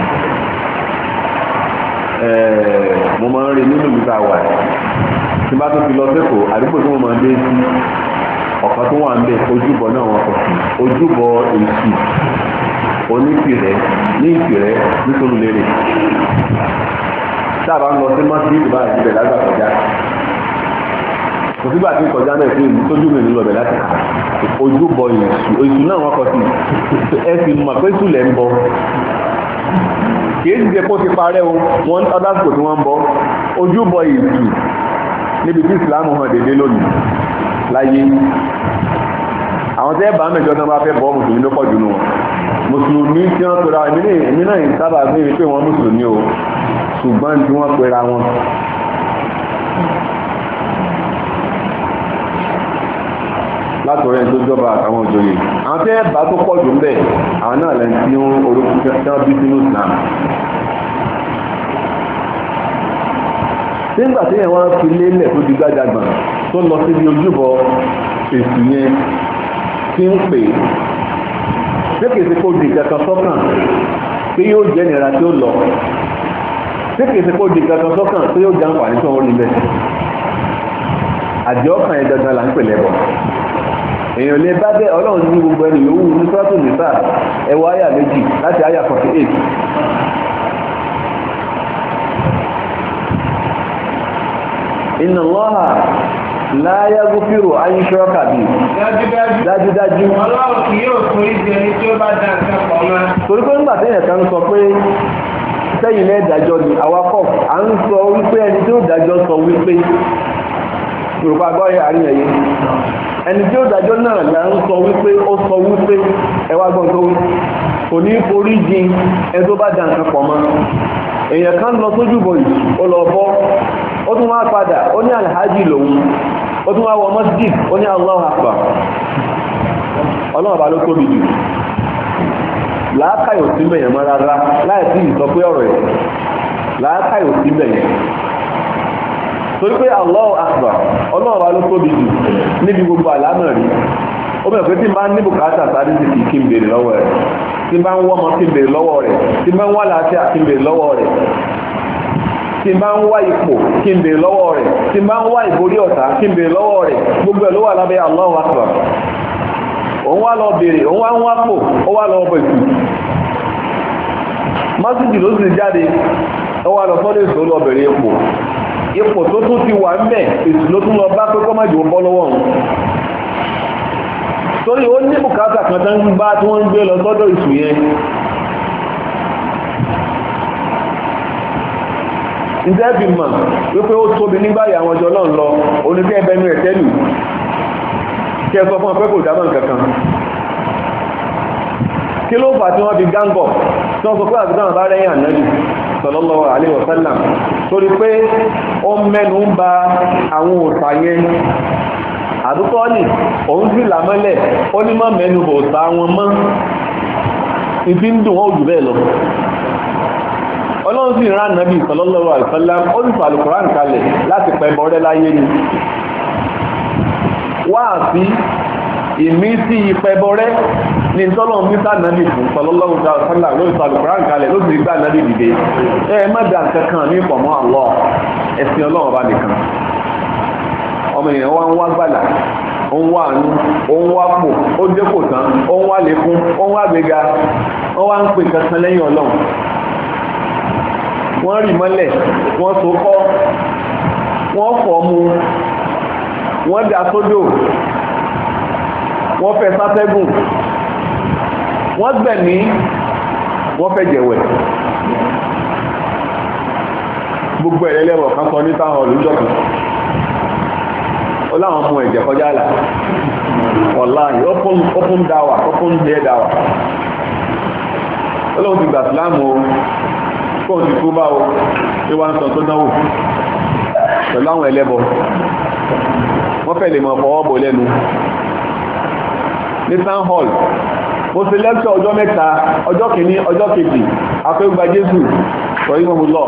mo máa ń rí nínú ìlú tá a wà tí bá tó fi lọ sẹ́kọ̀ọ́ àdúgbò tí mo máa dé sí ọ̀kan tó wà ń bẹ ojúbọ náà wọn kọ sí ojúbọ èsì onífìrẹ ní ìfìrẹ nítorí lérè tá a bá ń lọ sí mọ́sídìí bá ìbẹ̀ lágbà kọjá kò sígbà tí kọjá náà fún ìlú tójú mi ní lọ bẹ̀ láti ojúbọ èsù èsù náà wọn kọ sí ẹ fi mọ̀ pé sùlẹ̀ ń bọ kìí sì jẹ́ kó ti parẹ́ o wọ́n ń tọ́lá sùkò tí wọ́n ń bọ́ ojúbọ ìtù níbi tí ìsìláàmù hàn dédé lónìí láyé àwọn tẹ́ bá mẹ́jọ náà bá fẹ́ bọ́ mùsùlùmí ló pọ̀ jù nù wọn mùsùlùmí tí wọ́n pera èmi náà ń sábà fún mi pé wọ́n mùsùlùmí o ṣùgbọ́n tí wọ́n pera wọn látọ̀rẹ́ tó jọba àtàwọn òjòyè àwọn tẹ́ bá tó pọ̀ jù ń bẹ̀ àwọn náà lẹ́yìn tí ń orúkú tán bí sínú Islam. nígbà tí ẹ̀wọ̀n fi lélẹ̀ tó di gbàjàgbọ̀n tó lọ síbi ojúbọ èsì yẹn tí ń pè é ṣé kìí ṣe kó di ìjàkan sọ́kàn pé yóò jẹ́ ìnira tí ó lọ ṣé kìí ṣe kó di ìjàkan sọ́kàn pé yóò jẹ́ àǹfààní tó ń rí bẹ́ẹ̀ àjọ kan yẹn dandan là ń pè lẹ́bọ̀. èèyàn lè bá bẹ́ẹ̀ ọlọ́run ní gbogbo ẹni yòówù ní sọ́tò nìta ẹ̀wọ̀ àyà méjì láti àyà forty eight. inna Allaha láyé gúfìrò ayíṣọ́ kàbí. dájúdájú. ọlọ́run kì yóò bá dá torí pé nígbà téèyàn kan sọ pé sẹ́yìn lẹ́ẹ̀dájọ́ ni àwa kọ̀ à sọ wípé ẹni tí ó sọ wípé yorùbá agbọ́yẹ àárín ẹ̀yẹ ẹni tí ó dájọ́ náà là ń sọ wípé ó sọ wípé ẹ gbọ́n tó wí kò ní forí ẹni tó bá nǹkan pọ̀ mọ́ èèyàn kan lọ sójú bọ̀ yìí ó lọ bọ́ padà ó ní alhaji lòun ó tún wá wọ masjid ó ní allah Akbar ọlọ́run bá ló tóbi jù làákàyò sí rárá láì sí ìsọ pé ọ̀rọ̀ ẹ̀ torí pé Allahu Akbar ọlọ́run wa jù níbi gbogbo àlámọ̀ rí ó bẹ̀rẹ̀ pé tí n bá ní bùkátà sáré ti kì í kí n béèrè lọ́wọ́ rẹ̀ tí n bá ń wọ́ kí n béèrè lọ́wọ́ rẹ̀ tí n bá gbogbo ẹ̀ ló wà lábẹ́ Allahu Akbar òun wá lọ òun wá ń wá pò ó wá lọ ló sì jáde ó wá lọ sọ́dọ̀ ipò tó tún ti wà ń bẹ̀ èsì ló tún lọ bá pé kọ́ májò bọ́ lọ́wọ́ òun torí ó ní bùkátà kan tán ń bá tí wọ́n ń gbé lọ sọ́dọ̀ ìsù yẹn ǹjẹ́ fi mọ̀ wípé ó tóbi nígbàyà àwọn ọjọ́ náà lọ oníkẹ́ ẹbẹnu ẹ̀ tẹ́lù kí ẹ sọ fún ọpẹ́ kò dámọ̀ kankan kí ló fà tí wọ́n fi gángọ̀ tí wọ́n sọ pé àbúkọ́ àbá rẹ̀yìn àná sallallahu alaihi wasallam torí pé ó mẹ́nu ń ba àwọn òòṣà yẹn àdúkọ́ọ̀lì òun sì làmọ́lẹ̀ ó ní mọ́ mẹ́nu bò ta wọn mọ́ ìdí ń dùn wọn jù bẹ́ẹ̀ lọ ọlọ́run sì rán nàbì sallallahu alaihi wasallam ó sì fàlùkùrán kalẹ̀ láti pẹ́ bọ́rẹ́ láyé ni wáàsí ìmísí ìpẹ́bọrẹ́ ní tọ́lọ́run ní sáà nàbì fún sọlọ́lọ́run ta sọ́lá lórí sọ àlùkùrán kalẹ̀ ló sì gbà nàbì dìde ẹ ẹ má da nǹkan kan ní pọ̀ mọ́ àlọ́ ẹ̀sìn ọlọ́run ọba nìkan ọmọ ènìyàn wá ń wá gbàlà ó ń wá àánú ó ń wá pò ó dé kò tán ó ń wá lékún ó ń wá gbéga ó wá ń pè kankan lẹ́yìn ọlọ́run wọ́n rì mọ́lẹ̀ wọ́n so kọ́ wọ́n fọ́ mu wọ́n da sódò wọ́n fẹ́ sátẹ́gùn wọ́n gbẹ̀mí wọ́n fẹ́ jẹ̀wẹ̀ gbogbo ẹ̀lẹ́lẹ́wọ̀ kan kọ ní táwọn olùjọ́kùn ó láwọn ọmọ ẹ̀jẹ̀ kọjá là online open open dawa open day dawa ọlọ́run ti gbà síláàmù o fóun ti kú bá o ṣé wàá ń sọ tó náwó pẹ̀lú àwọn ẹlẹ́bọ wọ́n fẹ́ lè mọ̀ fọwọ́ bò lẹ́nu ní town hall mo ṣe lẹ́kṣọ̀ ọjọ́ mẹ́ta ọjọ́ kìíní ọjọ́ kejì afẹ́gbà jésù sọ̀rí mọ̀mú lọ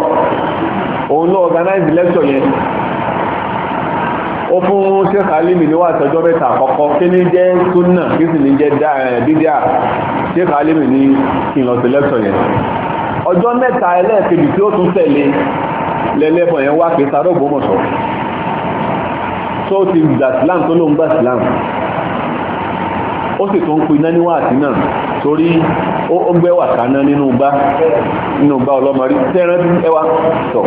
òun ló organize lẹ́kṣọ̀ yẹn ó fún sheikh alimi ní wàásù ọjọ́ mẹ́ta àkọ́kọ́ kí ní jẹ́ sunna kí sì ní jẹ́ dídíà sheikh alimi ní kí n lọ sí lẹ́kṣọ̀ yẹn ọjọ́ mẹ́ta ẹlẹ́ẹ̀kejì tí ó tún tẹ̀lé lẹ́lẹ́bọ̀ yẹn wá kí sáré ògbómọ̀ṣọ́ tó ti gbà sílám tó ló ń gbà sílám ó sì tún ń pe náníwá àti náà torí ó ń gbẹ́ wà kaná nínú bá nínú bá ọlọ́mọrí tẹ́rán ẹwà tọ̀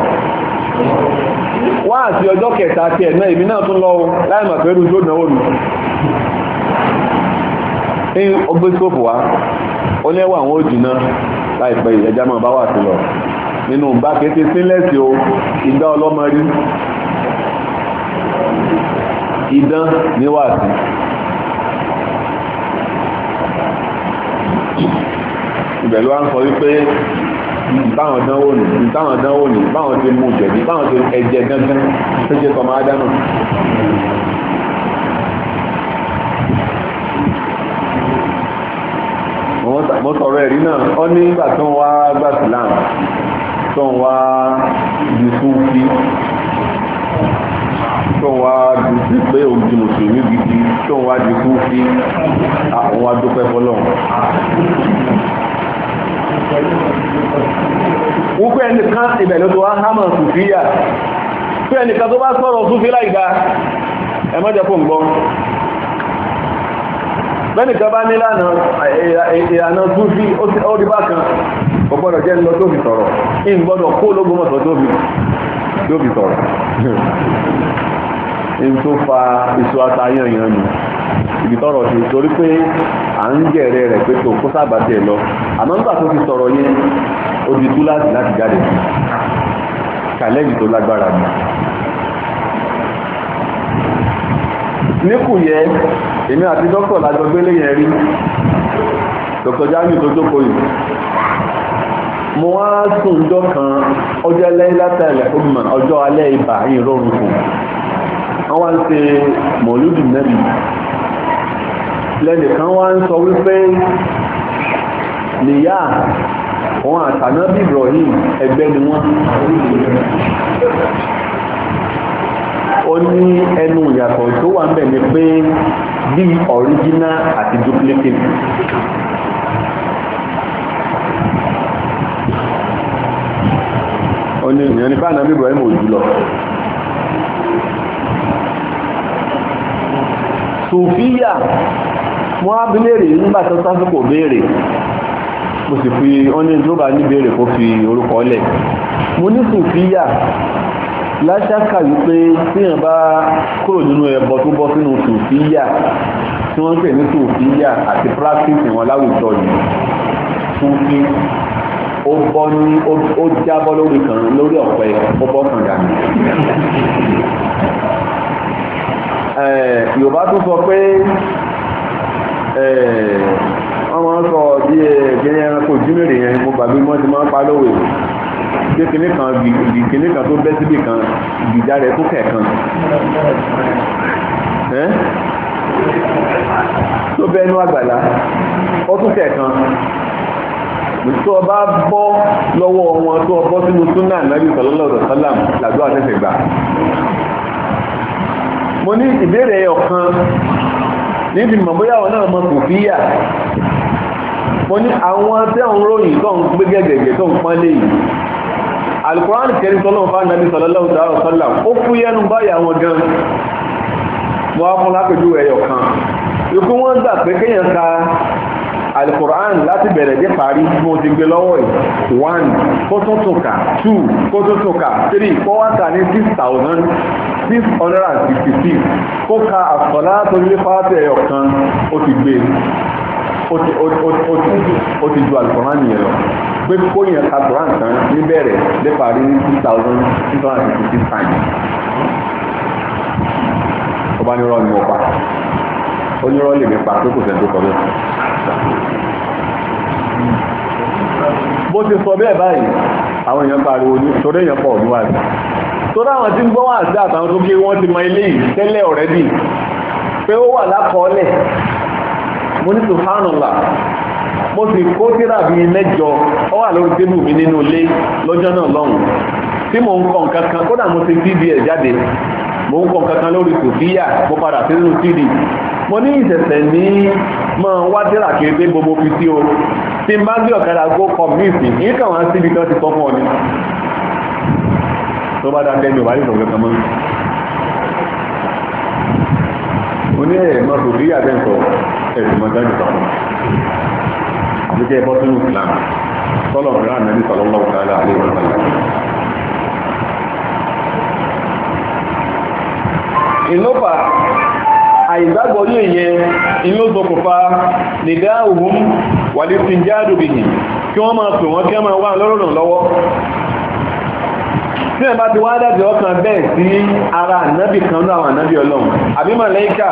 wá àti ọjọ́ kẹta àti ẹ̀nà èmi náà tún lọ láì mà pẹ́rù tó náwó mi ní ọgbẹ́ sóòpù wa ó lẹ́wọ̀ àwọn òjìnà láìpẹ́ ìjẹjá máa bá wà sí lọ nínú bá kété sílẹ̀sì o ìgbà ọlọ́mọrí idán níwàásí ibẹ̀ ló ń sọ wípé báwọn dánwò nì báwọn dánwò nì báwọn ti mú jẹ̀bi báwọn ti ẹ̀jẹ̀ gángan tó tọmọ ádámù. mo sọ̀rọ̀ ẹ̀rí náà ó ní ìgbà tó ń wá gbàsílám tó ń wá yusufi tóun wá dùn pé òun di mùsùlùmí gidi tóun wá di kú sí àwọn adúpẹ́ fọlọ́run. wọ́n pé ẹnìkan ibẹ̀ ló tó wá hámà sùfíyà pé ẹnìkan tó bá sọ̀rọ̀ sùfí láì ga ẹ má jẹ́ kó ń gbọ́ bẹ́ẹ̀ni kan bá nílànà ìlànà gúúsí ó rí bákan kò gbọ́dọ̀ jẹ́ lọ tó fi sọ̀rọ̀ ìgbọ́dọ̀ kó lógún mọ̀sán tó fi sọ̀rọ̀ ní tó fa èso àtàyàn yẹn nù ibi tọrọ ti torí pé à ń jẹrẹ rẹ pé tó kó sábà tẹ lọ àmọ́ nígbà tó fi sọ̀rọ̀ yẹn ó di túláàsì láti jáde sí kàlẹ́jì tó lágbára ni. níkù yẹ èmi àti dókítà lájọ gbélé yẹn rí dókítà Jamiu tó jókòó yìí mo wá sùn jọ kan ọjọ́ lẹ́yìn látàlẹ̀ ọjọ́ alẹ́ ibà yìí rọrùn kù wọ́n wá ń ṣe mọ̀lúdì nẹ́bì lẹ́nìkan wá ń sọ wípé nìyá wọn àtànábì Ibrahim ẹgbẹ́ ni wọ́n ó ní ẹnu ìyàtọ̀ tó wà ń bẹ̀ ni pé bí original àti duplicate ó ní ìyànníbà ànábì Ibrahim ò jùlọ sòfíà mo á bí léèrè nígbà tó sásìkò béèrè mo sì fi ọ́nà tó bá ní béèrè kó fi orúkọ lẹ̀ mo ní sòfíà láṣákà wípé téèyàn bá kúrò nínú ẹbọ tó bọ́ sínú sòfíà tí wọ́n ń pè ní sòfíà àti practice wọn láwùjọ yìí sófin ó bọ́ ní ó jábọ́ lórí kan lórí ọ̀pẹ ó bọ́ kàn dànù Eh, yorùbá tún sọ pé eh, wọ́n máa ń sọ bí kíní eh, ẹranko ìjúmèrè yẹn mo gbàgbé wọ́n ti máa ń pa lóòwe pé kíní kan bì kíní kan tó bẹ́ síbì kan ìgbìjà rẹ̀ tó kẹ̀ kan tó bẹ́ inú àgbàlá ó tún kẹ̀ kan tó o bá bọ́ lọ́wọ́ wọn tó o bọ́ sínú súnà nàbì sọlọ́lọ́ ọ̀dọ̀ sálàm làdó gbà. mo ní ìbéèrè ọ̀kan níbi mọ̀ bóyá àwọn náà mọ kò fíyà mo ní àwọn tẹ́ ń ròyìn tó ń gbé gẹ́gẹ́gẹ́ tó ń pọ́nlé yìí alukurani kẹrin tọ́lọ́wọ́ fún anabi sallallahu ta'ala ya ó kú yẹnu báyìí àwọn gan mo á fún lápẹjú ẹyọ kan ikú wọn gbà pé kéèyàn ka alukur'an láti bẹ̀rẹ̀ dé parí tí mo ti gbé lọ́wọ́ yìí one kótótóka two kótótóka three kọ́wáta ní six thousand six hundred and sixty six kó ka àsọ̀lá tó ní fáwọn ẹ̀yọ̀ kan ó ti gbé ó ti ju alukur'an yẹn lọ gbé kóyìn ẹ̀ka alukur'an tán níbẹ̀rẹ̀ dé parí ní six thousand six hundred and sixty six times ọba ní rọ́ọ̀ ni mo pa onírọ́ lè mi pa pé kò sẹ́ni tó kọ bẹ́ẹ̀ bó ti sọ bẹ́ẹ̀ báyìí àwọn èèyàn pariwo ní torí èèyàn pọ̀ ní wáyé torí àwọn tí ń gbọ́ wà sí àtàwọn tó kí wọ́n ti mọ ilé yìí tẹ́lẹ̀ ọ̀rẹ́dì pé ó wà lákọọ́lẹ̀ mo ní subhanallah mo sì kó tírà bíi mẹ́jọ ó wà lórí tébù mi nínú ilé lọ́jọ́ náà lọ́hùn tí mò ń kọ nǹkan kan kódà mo ti fi bí ẹ̀ jáde mo ń kọ́ kankan lórí sofia mo padà sí nínú tìrì mo ní ìṣẹ̀ṣẹ̀ ní máa wá tẹ́lá kiri pé gbogbo fi sí o tí n bá gbé ọ̀kadà go community yìí kàn wá síbi tí wọ́n ti sọ fún ọ ni tó bá dáa tẹ́lẹ̀ wáyé ìṣòro kankan mọ́ mo ní ẹ̀ mọ́ sofia bẹ́ẹ̀ sọ ẹ̀sìn mọ́ dájú sọ àti tẹ́ ẹ ìlànà sọ́lọ̀ ìlànà ní sọ̀rọ̀ lọ́wọ́ ìlọ́fà àìgbàgbọ́ yóò yẹ inú ṣokùnfà nìdá òhun wàlé fi ń já àdùbìyì kí wọ́n máa pè wọ́n kí wọ́n máa wá lọ́rùn lọ́wọ́ tí ẹ̀ bá ti wá dàbí ọkàn bẹ́ẹ̀ sí ara ànábì kan náà àwọn ànábì ọlọ́run àbí màlẹ́kà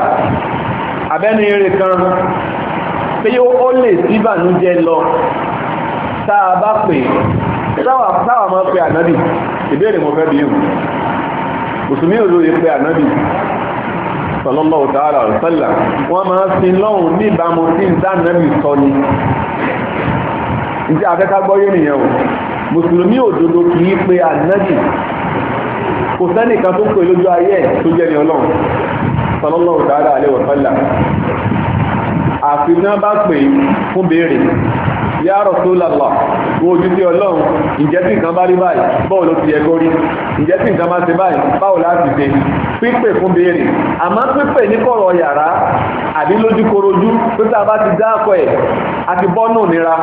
abẹ́ni eré kan pé ó lè síbànújẹ́ lọ tá a bá pè táwa máa pe ànábì ìbéèrè mo fẹ́ bí yìí mùsùlùmí ò lóye pé ànábì sallallahu ta'ala wa sallam wọ́n máa sin lọ́hùn níbàámu sí ní ànábì sọ ni ìdí akẹ́kọ̀ọ́gbọ́yé nìyẹn o mùsùlùmí òdodo kì í pe ànábì kò sẹ́nìkan tó pè lójú ayé ẹ̀ tó jẹ́ ní ọlọ́run sallallahu ta'ala alaihi wa àfi tí wọ́n bá pè fún béèrè ya Rasulullah ìwò ojú sí ọlọ́run ǹjẹ́ tí nǹkan bá rí báyìí báwo ló ti yẹ kó rí ǹjẹ́ tí nǹkan bá ṣe báyìí báwo láti ṣe pípè fún béèrè àmọ́ pípè ní kọ̀rọ̀ yàrá àbí lójúkorojú tó tá a bá ti dáàkọ̀ ẹ̀ àti bọ́nù nira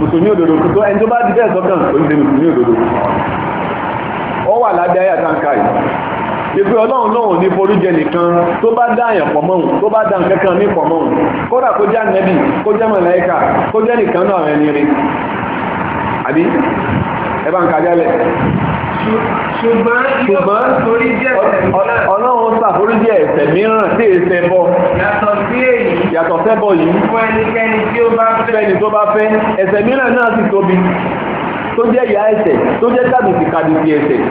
mùsùlùmí òdodo tó ẹni tó bá di bẹ́ẹ̀ sọ́kàn tó ń ṣe mùsùlùmí òdodo ó wà lábẹ́ ayé àtàǹkà yìí ìpè ọlọ́run náà ò ní forújẹ nìkan tó bá dá àyàn pọ̀ mọ́hùn tó bá dá nǹkan kan ní pọ̀ mọ́hùn kódà kó jẹ́ ànẹ́bì kó jẹ́ mọ̀láìkà kó jẹ́ nìkan náà ẹni rí àbí ẹ bá ń ka jálẹ̀. ṣùgbọ́n ṣùgbọ́n ọlọ́run ṣàforíjì ẹ̀ṣẹ̀ mìíràn tí èyí ṣe bọ́. yàtọ̀ sí èyí. yàtọ̀ sẹ́bọ̀ yìí. fún ẹnikẹ́ni tí ó bá fẹ́. fẹ́ni tó bá fẹ́ ẹ̀ṣẹ̀ mìíràn náà sì tóbi tó jẹ́ ìyá ẹ̀ṣẹ̀ tó jẹ́ kàdùsì kàdùsì ẹ̀ṣẹ̀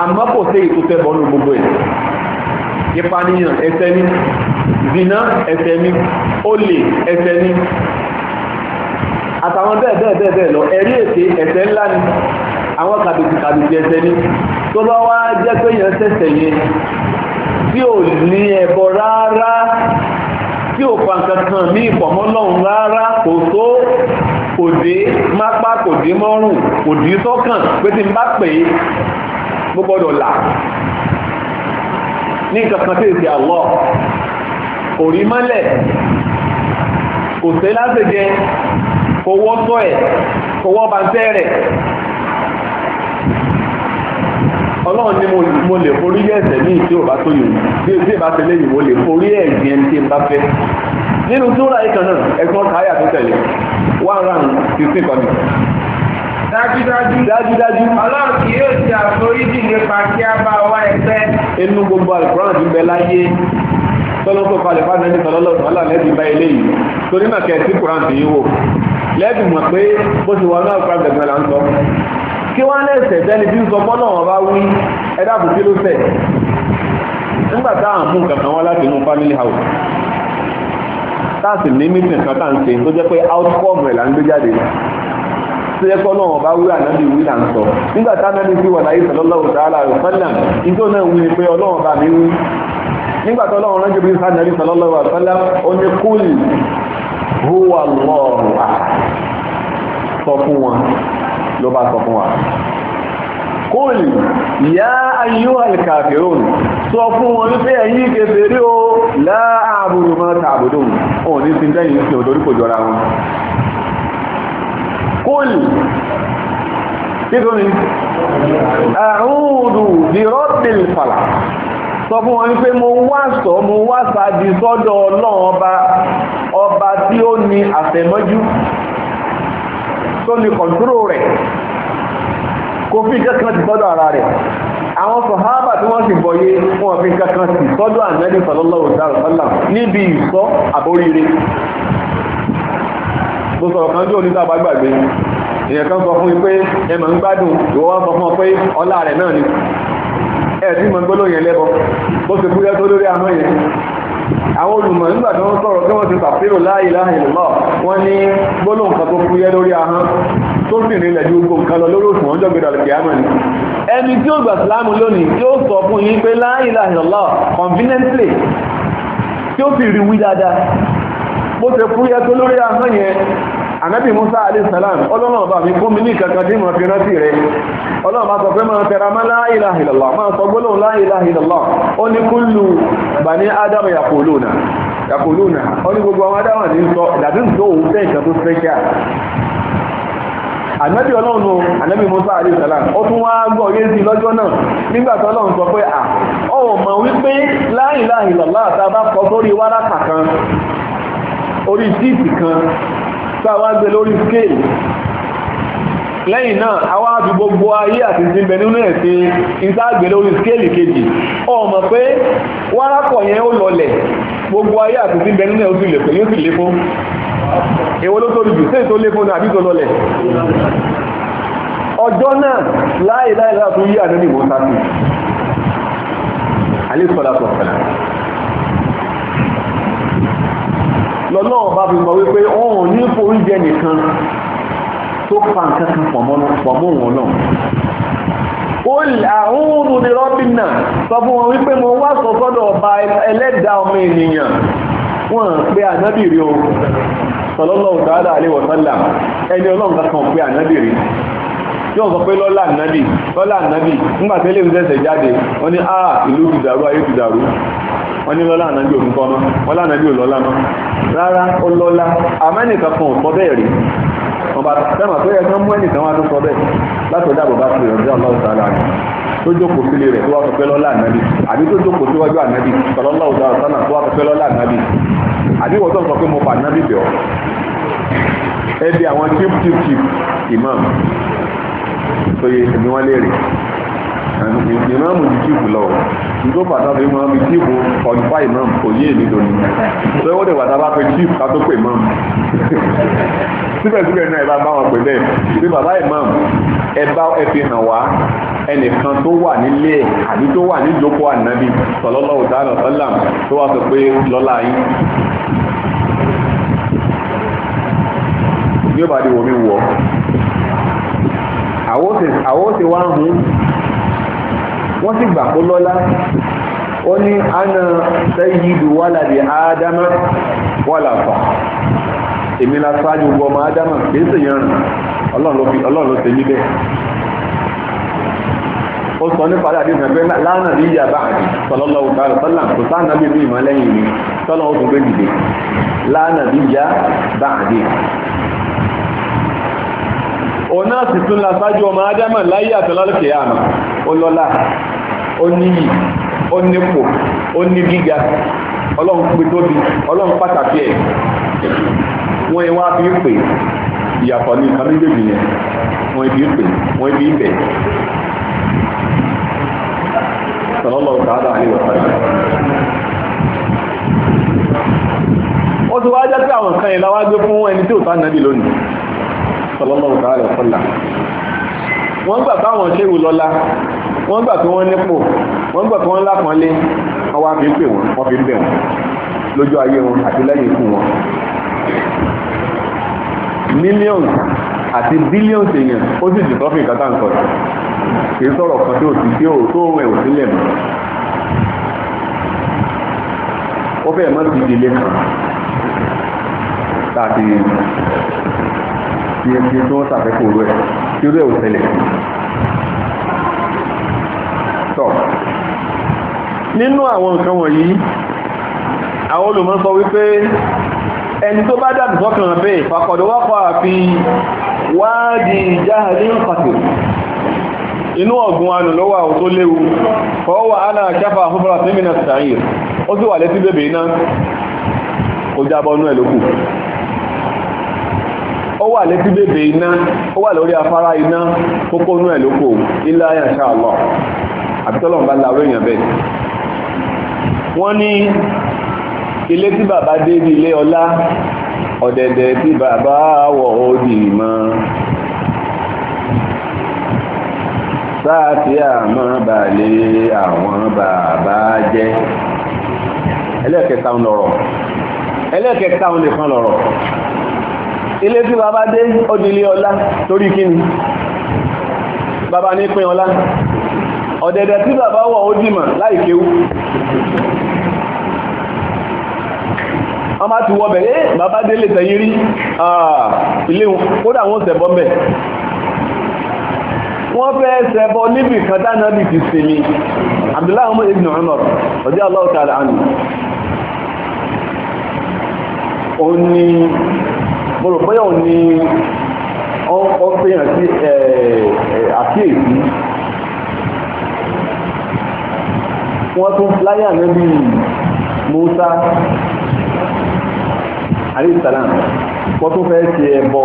àmọ́ kò sí èyí tó sẹ́bọ̀ nù gbogbo ẹ̀ ìpànìyàn ẹ̀ṣẹ̀ ni zina ẹ̀ṣẹ̀ ni olè ẹ̀ṣẹ̀ ni àtàwọn bẹ́ẹ̀ bẹ́ẹ̀ bẹ́ẹ̀ bẹ́ẹ̀ lọ ẹ̀rí èké ẹ̀ṣẹ̀ ńlá ni àwọn kàbìtì kàbìtì ẹ̀ṣẹ̀ ni tó bá wá jẹ́ pé yẹn ṣẹ̀ṣẹ̀ yẹn tí ò ní ẹbọ rárá tí ò fa nǹkan kan ní ìpọ̀mọ́ lọ́hùn rárá kò tó kò dé mápá kò dé mọ́rùn kò dé sọ́kàn pé tí n bá pè é mo gbọ́dọ̀ là ní nǹkan kan tí èsì àlọ́ kò mọ́lẹ̀ kò sẹ́ lásìkẹ́ fọwọ́ sọ ẹ̀ fọwọ́ bàtẹ́ rẹ̀ ọlọ́run ni mo lè forí ẹ̀ṣẹ̀ ní ìdí òbá tó yòó bí o tí ì bá tẹ̀lé yìí mo lè forí ẹ̀gbìn ẹni tí n bá fẹ́ nínú tí ó ráyè kan náà ẹ̀gbọ́n káyà tó tẹ̀lé one round fifteen kọ́ni. dájúdájú dájúdájú ọlọ́run kì yóò ṣe àforíjì nípa kí a bá wa ẹgbẹ́. inú gbogbo àlùkò rántí bẹ láyé tọ́lọ́kọ̀ kalẹ̀ fáwọn ẹni tọ́lọ́lọ́sọ̀ aláàlẹ́bí bá eléyìí torí náà kẹ̀sí kuran ti yíwò lẹ́bí mọ̀ pé bó ti wọ náà kuran gbẹ̀gbẹ̀ là ń sọ kí wọ́n lẹ́sẹ̀ tẹ́lẹ̀ bí ń sọ mọ́nà wọn bá wí ẹ̀dá àbùkí ló fẹ̀ nígbà táwọn mú kankan wọn láti mú family house táàsì ní mítìn kan tá à ń ṣe tó jẹ́ pé outcome rẹ̀ là ń gbé jáde tó jẹ́ pé ọlọ́run ọba wúrà náà bí wílà ń sọ nígbà táwọn ẹni sí wà láyé sọlọ́lọ́wọ́ sàálà rẹ̀ sọ́nà nígbà náà wí ni pé ọlọ́run ọba mi wí nígbà tó lọ́wọ́ rán jìbìrì sáà nàbí sallallahu alaihi wasallam ó ní kúlì huwa Allahu sọ fún wọn ló bá sọ fún wa kúlì ya ayyuhal kafirun sọ fún wọn wípé ẹ̀yin kèfèrí o la a'budu ma ní ti dẹ́yìn sí òdòrí kò jọra wọn kí tó ní a'udu bi rabbil falaq sọ fún wọn wípé mo wá sọ mo wá sáàdì sọ́dọ̀ ọlọ́run ọba ọba tí ó ní àfẹ̀mọ́jú tó ní kọ̀ǹtúrò rẹ̀ kò fi kankan ti sọ́dọ̀ ara rẹ̀ àwọn sọ̀hábà tí wọ́n sì bọ̀yé fún ọ̀fin kankan sì sọ́dọ̀ ànábì sallallahu alaihi wasallam níbi ìsọ́ àbóríire mo sọ̀rọ̀ kan jó oníta àbágbàgbé èèyàn kan sọ fún mi pé ẹ mọ̀ ń gbádùn ìwọ wá sọ fún ọ pé ọlá rẹ̀ náà ni ẹ̀ẹ́dì mọ̀ gbọ́dọ̀ yẹn lẹ́bọ̀ bó ṣe kúrẹ́ tó lórí àná yẹn àwọn olùmọ̀ nígbà tí wọ́n sọ̀rọ̀ tí wọ́n ti tàfírò la ilaha illallah wọ́n ní gbólóhùn kan tó fúyẹ́ lórí ahọ́n tó sì rìnlẹ̀ ju gbogbo nǹkan lọ lórí òṣùwọ̀n ọjọ́ gbẹdọ̀ lẹ́kẹ̀ẹ́ àmọ́ ni. ẹni tí ó gbà sílámù lónìí tí ó sọ fún yín pé la ilaha illallah conveniently tí ó sì rí wí dáadáa bó ṣe fúyẹ́ tó lórí ahọ́n yẹn anabi musa alayhisalaam ọlọ́run ọba mi fún mi ní kankan tí mo fi rántí rẹ ọlọ́run bá sọ pé máa tẹra máa la ilaha illallah máa sọ gbólóhùn la ilaha illallah ó ní kullu bani adam yaquluna yaquluna ó ní gbogbo àwọn adáwà ní sọ ìdàbí ń sọ òun fẹ́ nǹkan tó special ànábì ọlọ́run ànábì musa alayhisalaam ó tún wá gbọ́ yé sí lọ́jọ́ náà nígbà tí ọlọ́run sọ pé à ọ̀hún mọ̀ wípé la ilaha illallah kọ sórí wárákà kan orí síìtì kan tá a wá gbé lórí scale lẹ́yìn náà àwọn àti gbogbo ayé àti ìsinbẹ̀ nínú ẹ̀sìn ìsáàgbé lórí scale kejì ọmọ pé wárákọ̀ yẹn ó lọlẹ̀ gbogbo ayé àti ìsinbẹ̀ nínú ẹ̀ ó sì lè pé yóò sì lé fún èwo ló tóbi jù sí èso lé fún àbí tó lọlẹ̀ ọjọ́ náà láìláìlá tó yí àdébìbò sáfì alẹ́ sọ́dà sọ̀tàn lọ́lọ́wọ́ bá fi mọ̀ wípé òun ní forí jẹ nìkan tó pa nǹkan kan pọ̀ mọ́ wọn náà àhúnù ni rọ́bìnà sọ fún wọn wípé mo wá sọ sọ́dọ̀ ọba ẹlẹ́dàá ọmọ ènìyàn wọ́n pé ànábìrì o sallallahu ta'ala alaihi wa sallam ẹni ọlọ́run kankan pé ànábìrì yóò sọ pé lọ́lá ànábì lọ́lá ànábì nígbà tẹ́lẹ̀ ń tẹ̀sẹ̀ jáde wọ́n ní a ah, ìlú ti dàrú ayé ti dàrú wọ́n ní lọ́lá ànábì òun kọ́ mọ́ wọ́n lánàbí òlọ́lá mọ́ rárá ó lọ́lá àmẹ́nìkan kan ò sọ bẹ́ẹ̀ rí wọn bá sẹ́wọ̀n tó yẹ kí wọ́n mú ẹnìkan wá tó sọ bẹ́ẹ̀ láti ọjà bàbá tó yọ̀ǹda ọlọ́run sára rẹ̀ tó jókòó sílé rẹ̀ tó wá sọ pé lọ́lá ànábì àbí tó jókòó síwájú ànábì sọlọ́lá ọ̀dà ọ̀sánà tó wá sọ pé lọ́lá ànábì imam tó yẹ ẹbí wọn ìmáàmù ju kíìpù lọ nígbà pàtàkì ìmáàmù ju kíìpù ọ̀dùpá ìmáàmù kò yé èmi lónìí tó ẹwọ́n dẹ̀ wà tá a bá pe kíìpù ká tó pe ìmáàmù síbẹ̀síbẹ̀ náà ẹ bá bá wọn pè bẹ́ẹ̀ pé bàbá ìmáàmù ẹ bá ẹ fi hàn wá ẹnìkan tó wà nílé ẹ̀ àbí tó wà níjókòó ànábì sallallahu ta'ala sallam tó wà sọ pé lọ́la yín yóò bá di wọ́n mi wọ̀ àwọ̀ ṣe wá ń hun wọ́n sì gbà kó lọ́lá ó ní ana sayyidu waladi ádámà wàlàfà èmi la ṣáájú gbọ́ ọmọ ádámà kì í sèyàn rìn ọlọ́run ló ṣe níbẹ̀ ó sọ nípa àdé àdéhùn ẹgbẹ́ lánàá ní ìyá bá àdé sọlọ́lọ́ ọ̀gá rẹ̀ sọ́là kò sáànà bí ibi ìmọ̀ lẹ́yìn mi sọ́lọ́ ó tún gbé dìde lánàá ní ìyá bá àdé òun náà sì tún lasájú ọmọ ádámà láyé àtọ́lọ́lọ́kẹ̀ àmà ó o ó o ó o ó o ẹ̀ wọ́n yẹn wá fi ń pè ìyàtọ̀ ní nǹkan yẹn wọ́n ibi ń pè wọ́n ibi ń bẹ̀. sallallahu ta'ala alaihi wa sallam ó ti wá jẹ́ pé kan yẹn gbé fún sallallahu ta'ala wa sallam wọ́n gbà táwọn ṣéwù lọ́lá wọ́n gbà tí wọ́n nípò wọ́n gbà tí wọ́n lápọ́nlé ọwọ́ àfi ń pè wọ́n wọ́n fi ń bẹ̀ wọ́n lójú ayé wọn àti lẹ́yìn ikú wọn millions àti billions èèyàn ó sì dìtọ́ fi nǹkan tá kì í sọ̀rọ̀ kan tí ò tí ò tó ohun ẹ̀ sílẹ̀ mọ́ ó fẹ́ẹ̀ mọ́ ti di ilé kan tá tí tí tí wọ́n ṣàfẹ́kọ̀ rẹ̀ tí rẹ̀ ò tẹ̀lẹ̀. tọ́ nínú àwọn nǹkan wọ̀nyí àwọn olùmọ̀ sọ wípé ẹni tó bá dàbí sọ́kàn bẹ́ẹ̀ fàkọ̀dọ̀wọ́kọ̀ àfi wáàdì jáhàdí ń pàtó inú ọ̀gbun anù lọ́wọ́ àwọn tó léwu fọ́wọ́ àná àṣáfà àfúnfọ́ra sí mìíràn sàáyìn ó sì wà létí bèbè iná ó jábọ́ inú ẹ̀ lókù ó wà létí bèbè iná ó wà lórí afárá iná kókó inú ẹ̀ lóko ilá insha Allah àbítọ́lọ̀ bá la ròyìn bẹ́ẹ̀. wọ́n ní ilé tí bàbá dé ní ilé ọlá ọ̀dẹ̀dẹ̀ tí bàbá wọ̀ ó dì mọ́ sáà àmọ́ bàlẹ́ àwọn bàbá jẹ́ ẹlẹ́ẹ̀kẹta ń lọ̀rọ̀ ẹlẹ́ẹ̀kẹta ń lè kan lọ̀rọ̀ ilé tí bàbá dé ó di ilé ọlá torí kí ni bàbá ní pín ọlá ọ̀dẹ̀dẹ̀ tí bàbá wọ̀ ó dìmọ̀ láì kéwú wọ́n bá ti wọ́ bẹ̀rẹ̀ bàbá délé tẹ̀yìn rí ilé wọn kódà wọ́n ṣẹbọ bẹ̀ wọ́n fẹ́ ṣẹbọ níbi kan dáná bí ti sinmi Abdullahi ọmọ ibn Umar radiyallahu ta'ala anhu ó mo rò bóyá òun ni ọ ń pèyàn sí àkíyèsí wọ́n tún láyé ànábì Musa alayhisalam wọ́n tún fẹ́ ṣe ẹbọ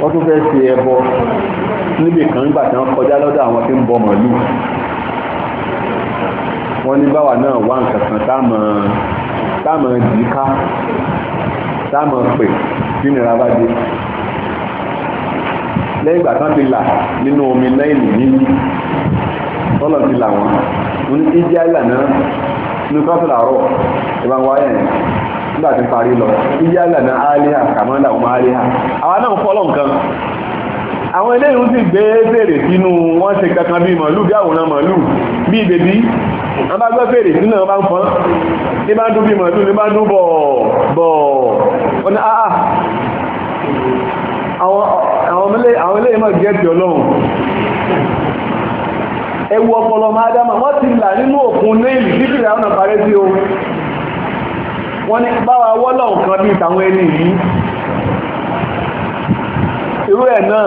wọ́n tún fẹ́ ṣe ẹbọ níbi kan nígbà tí wọ́n kọjá lọ́dọ̀ àwọn tí ń bọ màálù wọ́n ní báwa náà wá nǹkan kan táàmù táàmù dìíká táàmù pè tí nira bá dé lẹ́yìn ìgbà tán ti là nínú omi lẹ́yìn níbi tọ́lọ̀ ti là wọ́n ní ìdí àìlà náà ní kọ́sìlà rọ̀ ìbá wa yẹn nígbà tí parí lọ ìdí àìlà náà áléhà kàmọ́ndà wọn áléhà àwa náà fọ́lọ̀ nǹkan àwọn eléyìí ń sì gbé bèrè sínú wọ́n ṣe kankan bíi màálù bí àwòrán màálù bíi bèbí wọ́n bá gbọ́ fèrè sínú ọba ń fọ́n ní bá ń dún bí mọ̀tún ní bá ń dún bọ̀ bọ̀ wọ́n ní ah, ah. àà àwọn ilé ìmọ̀ gẹ́ẹ̀tì ọpọlọ máa dáma wọ́n ti là nínú òkun nílì títí ìlà ọ̀nà parẹ́ sí o wọ́n ní báwa wọ́lọ̀ nǹkan bíi tàwọn ẹni yìí irú ẹ̀ náà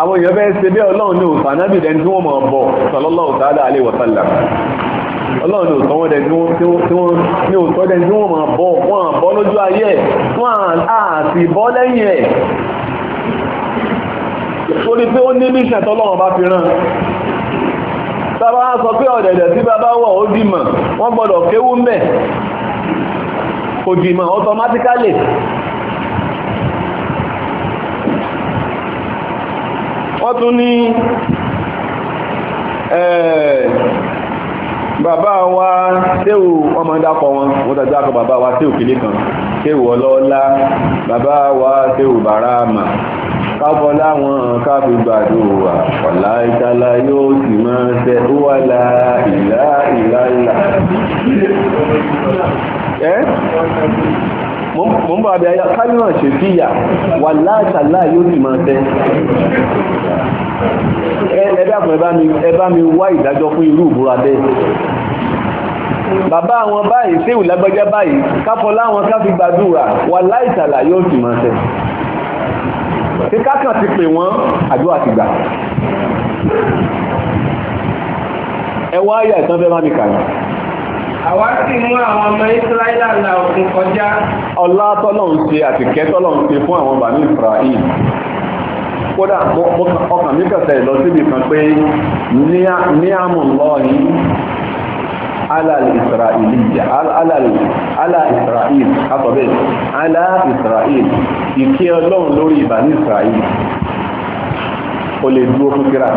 àwọn èèyàn fẹ́ ṣe bí ọlọ́run ní òsàn nábì dẹni tí wọ́n mọ̀ bọ̀ sallallahu ta'ala alaihi wa sallam ọlọ́run ní òsàn wọn dẹni tí wọ́n ní òsàn dẹni tí wọ́n mọ̀ bọ̀ wọ́n bọ́ lójú ayé wọ́n àti bọ́ lẹ́yìn ẹ̀ torí pé ó ní níṣẹ́ tọ́lọ́run bá fi rán bàbá wa sọ pé ọ̀dẹ̀dẹ̀ tí bàbá wọ̀ ó dìmọ̀ wọ́n gbọ́dọ̀ kéwú mẹ́ kò dìmọ̀ automatically wọ́n tún ní bàbá wa tẹ́wò wọ́n máa ń dákọ̀ wọn wọ́n tàbí dákọ̀ bàbá wa tẹ́wò kìlé kan tẹ́wò ọlọ́ọ̀lá bàbá wa tẹ́wò bàràmà kábọ̀ láwọn kábí gbàdó wà ọ̀la ìtàlá yóò sì máa ṣe ó wà lá ìlà ìlà ìlà mo ń bọ̀ abẹ́ ayá kálíwọ̀n ṣe fi yà wà láàtàlá yóò sì máa tẹ́ ẹ dákun ẹ bá mi wá ìdájọ́ fún irú ìbúra bẹ́ẹ̀ bàbá àwọn báyìí séwù lágbájá báyìí káfọ́ láwọn ká fi gbàdúrà wà láìtàlá yóò sì máa tẹ́ ṣé kákan ti pè wọ́n àdúrà ti gbà ẹ wá ayà ìtàn fẹ́ bá mi kà yìí àwa sì mú àwọn ọmọ israẹlà la òkun kọjá. ọlá tọ́lọ̀ ń ṣe àtìkẹ́ tọ́lọ̀ ń ṣe fún àwọn bàmí Israel kódà ọkàn mi kẹsẹ̀ lọ síbi kan pé ní àmú lọ́ọ̀yìn alal Israel, alal ala israel asọ̀bẹ̀ ala israel ìkẹ́ ọlọ́run lórí ìbàní israel o lè dúró fún kíra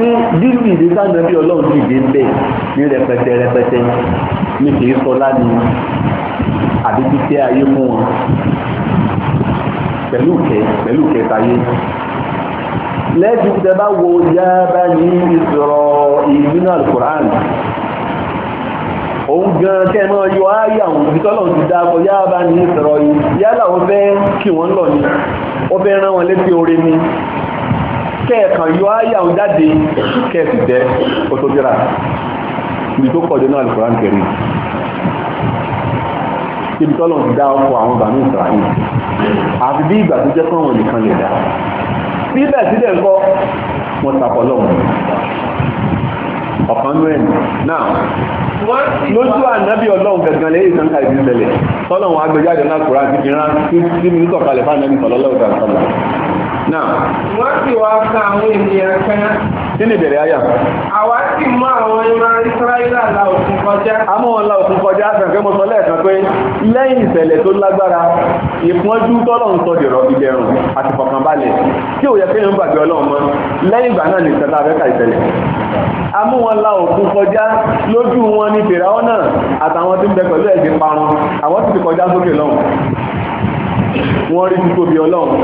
pé lílù ìdí sáànà bí ọlọ́run ti dé bẹ́ẹ̀ ní rẹpẹtẹ rẹpẹtẹ ní kìí sọ láti àbí títẹ́ ayé fún wọn pẹ̀lú kẹ pẹ̀lú kẹta yé lẹ́yìn tẹ bá wo yáábá ní ìsọ̀rọ̀ ìlú náà òun gan kẹ́ mọ́ yọ ayé àwọn òbítọ́lọ̀ ti dá akọ yá bá ní ìsọ̀rọ̀ yìí yálà wọ́n fẹ́ kí wọ́n lọ ni wọ́n fẹ́ rán wọn létí oore ni kẹ́ẹ̀kan yọ ayé àwọn jáde kẹ́ẹ̀sì jẹ́ otóbíra ibi tó pọ̀ jẹ́ náà Al-Qur'an Karim ibi tọ́lọ̀ ti dá ọkọ̀ àwọn bàmí Isra'il àfi bí ìgbà tó jẹ́ pé wọn nìkan lè dá síbẹ̀ síbẹ̀ ńkọ́ wọn tapọ̀ lọ́wọ́ ọ̀kan nú ẹ̀nì náà lójú ànábì ọlọ́run gẹ̀gàn lẹ́yìn ìsànkà ìdílé tọ́lọ̀ wọn agbẹjáde náà Al-Qur'an ti fi rán sí mínísọ̀ kalẹ̀ fún ànábì sọ̀lọ́lọ́ náà. wọ́n sì wá ka àwọn ènìyàn kan. kí ni ìbẹ̀rẹ̀ àyà. àwa sì mú àwọn ìran ìsírayílà la òkun kọjá. a mú wọn la òkun kọjá kàǹkẹ́ mo sọ lẹ́ẹ̀kan pé lẹ́yìn ìṣẹ̀lẹ̀ tó lágbára ìpọ́njú tọ́lọ̀ ń sọ dìrọ̀ ìdẹ̀rùn àti fọkànbalẹ̀ tí ò yẹ kí èèyàn gbàgbé ọlọ́run mọ́ lẹ́yìn ìgbà náà ní ìṣẹ̀lẹ̀ abẹ́ka ìṣẹ̀lẹ̀ a mú wọn la òkun kọjá lójú wọn ní fèrèwọ́ náà àtàwọn tí ń bẹ pẹ̀lú ẹ̀jẹ̀ parun àwọn sì ti kọjá sókè lọ́hùn wọ́n rí títóbi ọlọ́run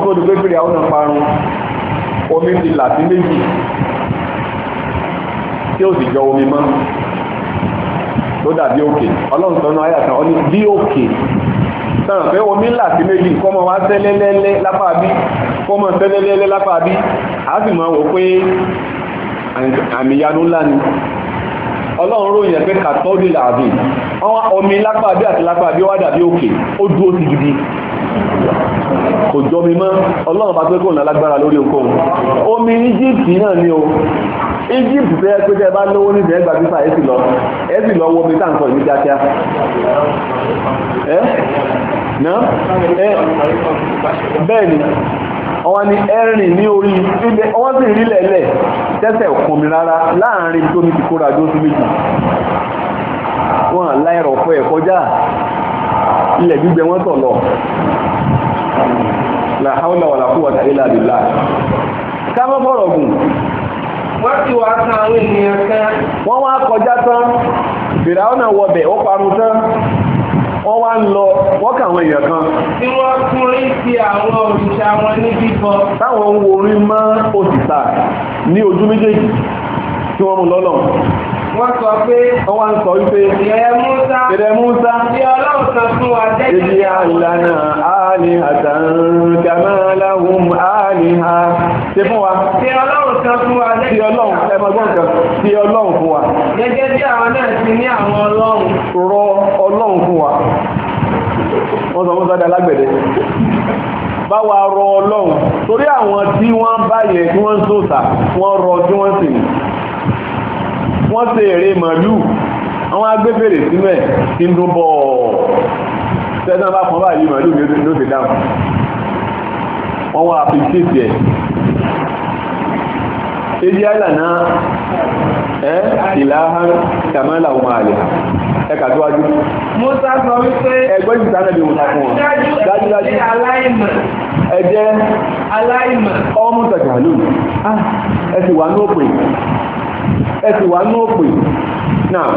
kó tó di pé fìrì àwọn parun omi ti là sí méjì tí ó sì jọ omi mọ́ tó dàbí òkè ọlọ́run sọ́nà ayàtàn ọ ní bí òkè sọ̀rọ̀ pé omi ńlá sí méjì kọ́ mọ́ wá tẹ́lẹ́lẹ́lẹ́ lápá bí kọ́ mọ́ tẹ́lẹ́lẹ́lẹ́ lápá bí a sì mọ́ wò pé àmì ìyanu ńlá ni ọlọ́run ròyìn ẹ̀pẹ́ kàtọ́dì làbí omi lápá bí àti lápá bí ó wá dàbí òkè ó dúró sí gidi kò jọ mi mọ́ ọlọ́run bá pé kò lórí omi Egypt náà ni o Egypt fẹ́ pé tẹ́ bá lówó ní ìfẹ́ gbàgbífà ẹ lọ ẹ lọ wo omi tá sọ kíákíá bẹ́ẹ̀ ni ọwọ́ ni ẹ̀rìn ní orí ilẹ̀ ọwọ́ sì rí lẹ̀lẹ̀ tẹ́sẹ̀ kùn mi rárá tó ti jó sí méjì wọn láìrọ̀ la hawla wala quwwata illa billah ká má fọ̀rọ̀ gùn. wọ́n ti wá kan àwọn ènìyàn kan. wọ́n wá kọjá tán fìràwọ́nà wọbẹ̀ ó parun tán wọ́n wá ń lọ wọ́n kà àwọn èèyàn kan. tí wọ́n kúnlẹ̀ sí àwọn òrìṣà wọn ní bíbọ. táwọn ń wo orin mọ́ òṣìṣà ní ojú méjèèjì tí wọ́n mú lọ́lọ́run wọ́n sọ pé wọ́n sọ wípé ìrẹ̀ Musa bí ọlọ́run sọ fún wa jẹ́ ìyá ìlànà àálì àtàǹkàmá láhùn àálì ha ṣe fún wa. bí ọlọ́run sọ fún wa jẹ́ ìyá ọlọ́run ẹ máa gbọ́n kan bí ọlọ́run fún wa. gẹ́gẹ́ bí àwọn náà ti ní àwọn ọlọ́run. rọ ọlọ́run fún wa wọ́n sọ fún sọ́dọ̀ alágbẹ̀dẹ bá wa rọ ọlọ́run torí àwọn tí wọ́n bá yẹ kí wọ́n sòsà wọ́n rọ kí wọ́n sì wọ́n ṣe èrè màálù àwọn agbẹ́fèrè sínú ẹ̀ tí ń dún bọ̀ tẹ́tàn bá fọ́n báyìí màálù ló ti dáhùn wọ́n wá àpìkéèsì ẹ̀ èdè àìlànà ẹ́ ìlàáhá kàmẹ́là ohun àlè ẹ̀kà tó wájú Musa sọ wípé ẹgbẹ́ ìsìta náà bí Musa fún wọn dájúdájú aláìmọ̀ ẹ̀jẹ̀ aláìmọ̀ ọmọ tàjàlú ah, ẹ sì wà ní òpin ẹ sì wà nú òpè náà.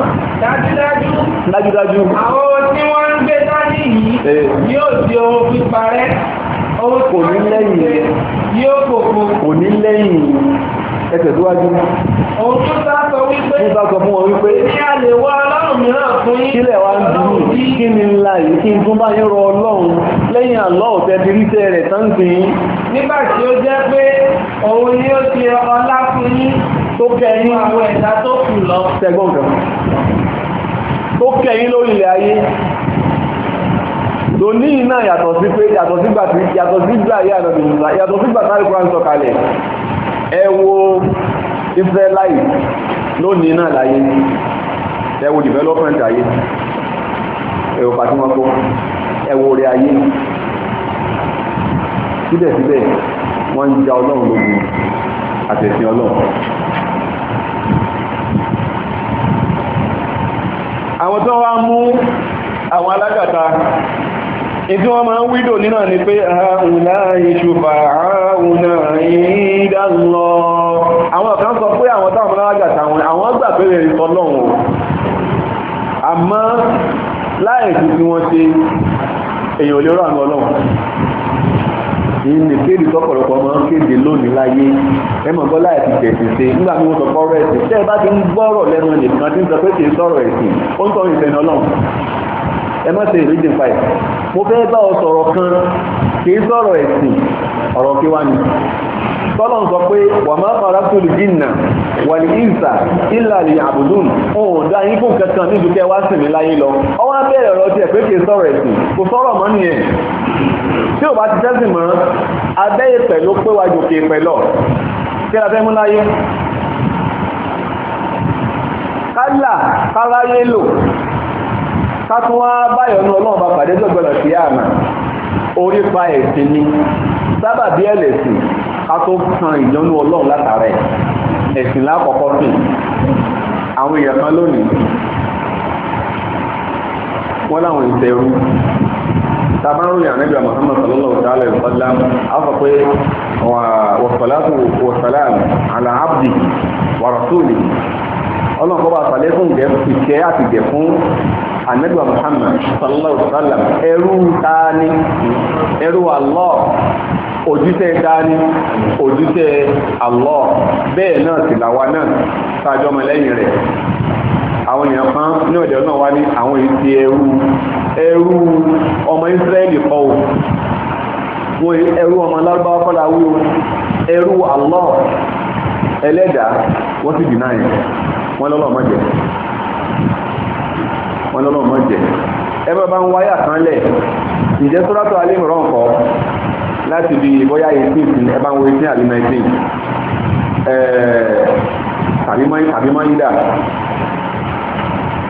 dájúdájú. dájúdájú. àwọn tí wọ́n ń gbé dání yìí yóò di ohun píparẹ́. kò ní lẹ́yìn. yóò kòkó. kò ní lẹ́yìn ẹsẹ̀ tó wájú. òun tó bá sọ wípé. tó bá sọ fún wọn wípé. ní a lè wá ọlọ́run mìíràn fún yín. kílẹ̀ wa ń dùn mí kí ni ńlá yìí kí n tún bá yín rọ ọlọ́run lẹ́yìn àlọ́ ọ̀tẹ́ ti rí tẹ́ rẹ̀ tán nígbà tí ó jẹ́ pé ni ti fún tó kẹyìn àwọn ẹ̀dá tó kù lọ. Tẹ́gbọ́n kan. Tó kẹyìn lórí ilẹ̀ ayé. Tòní yìí náà yàtọ̀ sí pé yàtọ̀ sígbà tí yàtọ̀ sígbà ayé àdàbí nìyà yàtọ̀ sígbà tárí kúrán sọ kalẹ̀. Ẹ wo Israẹláì lónìí náà láyé. Ẹ wo development ayé. Ẹ wo pàtí wọn kó. Ẹ wo orí ayé. Síbẹ̀síbẹ̀, wọ́n ń ja ọlọ́run lógun àtẹ̀sìn ọlọ́run àwọn tó wá mú àwọn alágàta ìtí wọ́n máa ń wídò nínú ni pé ààrùnlá ìṣùfà ààrùnà ìdánlọ àwọn kan sọ pé àwọn táwọn alágàta wọn àwọn gbà pé rẹ̀ sọ lọ́wọ́ àmọ́ láì fi wọ́n ṣe èèyàn olóró àwọn ọlọ́run yìí ní kéde tọ̀pọ̀lọpọ̀ máa ń kéde lónìí láyé ẹ mọ̀ bọ́lá ẹ̀ ti tẹ̀sí ṣe nígbà tí wọ́n sọ kọ́rọ̀ ẹ̀sìn tẹ́ ẹ bá ti ń gbọ́rọ̀ lẹ́nu nìkan tí ń sọ pé kì í sọ̀rọ̀ ẹ̀sìn ó ń sọ̀rọ̀ ìfẹ́ni ọlọ́run ẹ má ṣe ìrìndìn pa ẹ̀ mo fẹ́ bá ọ sọ̀rọ̀ kan kì í sọ̀rọ̀ ẹ̀sìn ọ̀rọ̀ kí wá ni tọ́lọ̀ ń sọ pé wà máa fara tó lè jìnnà wà ní ìsà ìlà lè àbùdùn òun dá yín fún kankan nídùúkẹ́ wá sí láyé lọ ọwọ́ abẹ́rẹ́ ọ̀rọ̀ tiẹ̀ pé kì í sọ̀rọ̀ ẹ̀sìn kò sọ̀rọ̀ mọ́ nìyẹn tí ò bá ti tẹ́sìn mọ́ abẹ́ ìpẹ̀ ló pé wájú òkè ìpẹ̀ lọ kí la fẹ́ mú láyé kálà káráyé lò ká tún wá báyọ̀ nu ọlọ́run bá pàdé lọ́gbọ̀nà sí àmà orí pa ẹ̀sìn ni sábà bí ẹlẹ́sìn ká tó kan ìyọnu ọlọ́run látara ẹ̀sìn lákọ̀ọ́kọ́ sí àwọn èèyàn kan lónìí wọ́n láwọn ìṣẹ̀rú tabaru ya nabi muhammad sallallahu alaihi wa sallam afa pe wa salatu wa salam ala abdi wa rasuli ọlọ́run kọ́ bá sàlẹ̀ fún ìjẹ́ ìjẹ́ àti ìjẹ́ fún anabi muhammad sallallahu alaihi wa sallam ẹrú tani ẹrú allah ojútẹ dání ojútẹ allah bẹ́ẹ̀ náà sì làwa náà sáájọ́ ọmọ lẹ́yìn rẹ̀ àwọn èèyàn kan ní òde náà wá ní àwọn èyí ti ẹrú ẹrú ọmọ Ísírẹ́lì kọ́ o wọ́n ẹrú ọmọ lárúbáwá kọ́lá wí o ẹrú Allah ẹlẹ́dàá wọ́n sì dìnnà yẹn wọ́n lọ́lọ́ ọmọ jẹ wọ́n lọ́lọ́ ọmọ jẹ ẹ bá bá ń wáyà kan lẹ̀ ǹjẹ́ sọ́dọ̀tọ̀ alẹ́ mìíràn kọ́ láti bí bóyá eighteen ẹ bá ń wo eighteen àbí nineteen ẹ̀ẹ́ tàbí mọ́ ìdá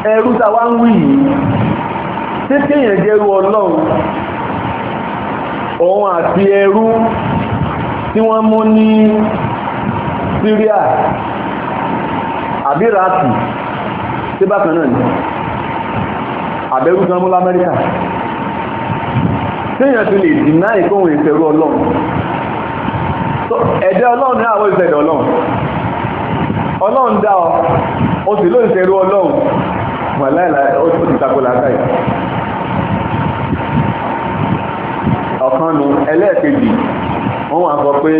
ẹrú tá a wá ń wí yìí tí kéèyàn jẹ́rú ọlọ́run òun àti ẹrú tí wọ́n mú ní Syria àbí Iraki tí bákan náà ni àbẹ̀rú tí wọ́n mú lamẹ́ríkà téèyàn ti lè dìnnà ìkóhun ìṣẹ̀rú ọlọ́run ẹ̀dá ọlọ́run ní àwọn ìṣẹ̀dá ọlọ́run ọlọ́run dá ọ o sì ló ìṣẹ̀rú ọlọ́run wàláìlà ó ti tako làákàyè ọ̀kan nu ẹlẹ́ẹ̀kejì wọ́n wá sọ pé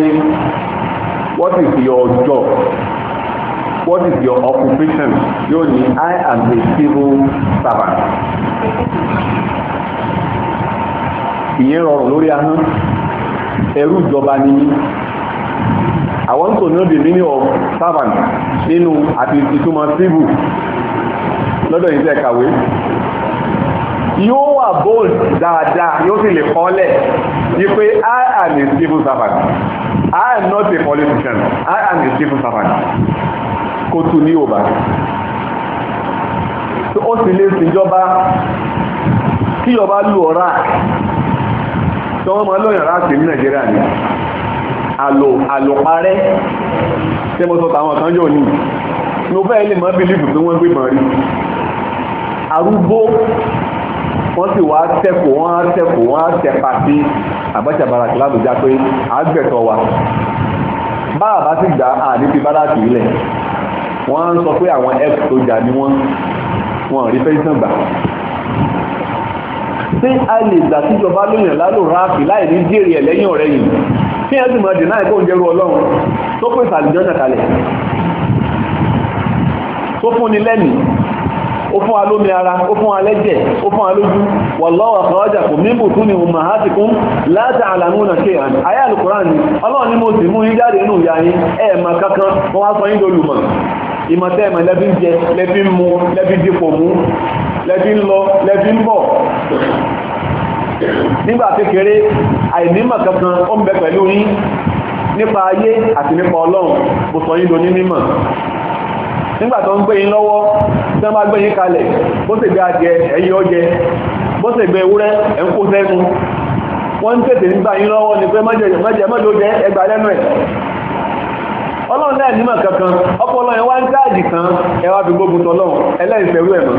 what is your job what is your occupation yóò ní I am a civil servant ìyẹn rọrùn lórí ahọ́n ẹrú ìjọba ni I want to know the meaning of servant nínú àti ìtumọ̀ civil lọ́dọ̀ yìí tẹ̀ kàwé yóò wà bold dáadáa yóò sì lè kọ́lẹ̀ ní pé I am a civil servant I am not a politician I am a civil servant kó tu ní yorùbá ó sì lè ṣèjọba kíjọba lù ọ̀rá tí wọ́n máa lọ́yàn láti ní nàìjíríà ni àlò àlòparẹ́ tí mo sọ tàwọn kan yóò ní mo fẹ́ lè mọ́ bílíìfù tí wọ́n gbé mọ́ rí arúgbó wọ́n sì wá tẹ́kù wọ́n á tẹ́kù wọ́n á tẹ́pa sí Abacha baraki lábùjá pé àgbẹ̀tọ̀ wa báà bá sì gbà á ní fi báràkì ilẹ̀ wọ́n á sọ pé àwọn ex sójà ni wọ́n wọ́n rí pẹ́sàn gbà ṣé a lè gbà síjọba lóyìn lálò ráàfì láì ní jèrè ẹ̀ lẹ́yìn ọ̀rẹ́ yìí kí ẹ sì mọ̀ dènà ẹ̀kọ́ oúnjẹ ru ọlọ́run tó pèsè àlùjọ́nà kalẹ̀ tó fúnni lẹ́nìí ó fún wa lómi ara ó fún wa lẹ́jẹ̀ ó fún wa lójú wallahu akhrajakum min butuni ummahatikum la ta'lamuna shay'an àyá Al-Qur'an ni ọlọ́run ni mo sì mú yín jáde nínú ìyá yín kankan wá sọ yín ìmọ̀tẹ́ ẹ̀mọ̀ lẹ́bí ń jẹ lẹ́bí ń mu lẹ́bí ń dipò mú lẹ́bí ń lọ lẹ́bí ń bọ̀ nígbà kékeré nígbà tó ń gbé yín lọ́wọ́ tí wọ́n bá gbé yín kalẹ̀ bó sì gbé adìẹ ẹ̀yìn ọjẹ bó sì gbé ewúrẹ́ ẹ̀ ń kó sẹ́nu wọ́n ń tètè nígbà yín lọ́wọ́ ni pé mọ́jẹ mọ́jẹ mọ́jọ jẹ ẹgbàá lẹ́nu ẹ̀ ọlọ́run náà nímọ̀ kankan ọpọlọ yẹn wá ń dáàdì kan ẹ wá fi gbógun tọlọ́run ẹlẹ́yìn fẹ́rú ẹ̀ mọ́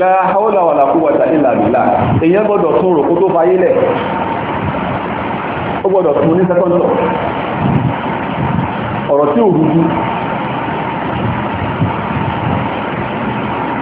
la hawla wala quwwata illa billah èèyàn gbọ́dọ̀ tún rò kó tó ní sẹ́kọ̀ńtọ̀ ọ̀rọ̀ tí ò rújú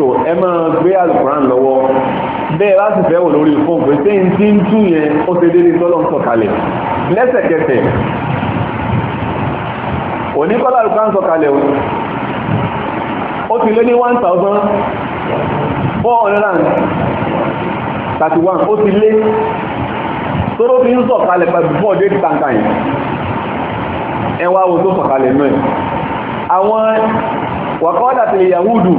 so ẹ máa gbé alukuran lọ́wọ́ bẹ́ẹ̀ bá sì fẹ́ wò lórí fóònù pé sẹ́yìn tí ń tú yẹn ó ṣe déédéé tọ́lọ́ ń sọ̀kalẹ̀ lẹ́sẹ̀kẹsẹ̀ òní kọ́lá alukuran sọ̀kalẹ̀ o ó ti lé ní one thousand four hundred and thirty one ó ti lé tóró fi ń sọ̀kalẹ̀ pẹ̀lú fún ọdún ìtànkà yìí ẹ wá wo tó sọ̀kalẹ̀ náà àwọn wàkọ́dà ti yahudu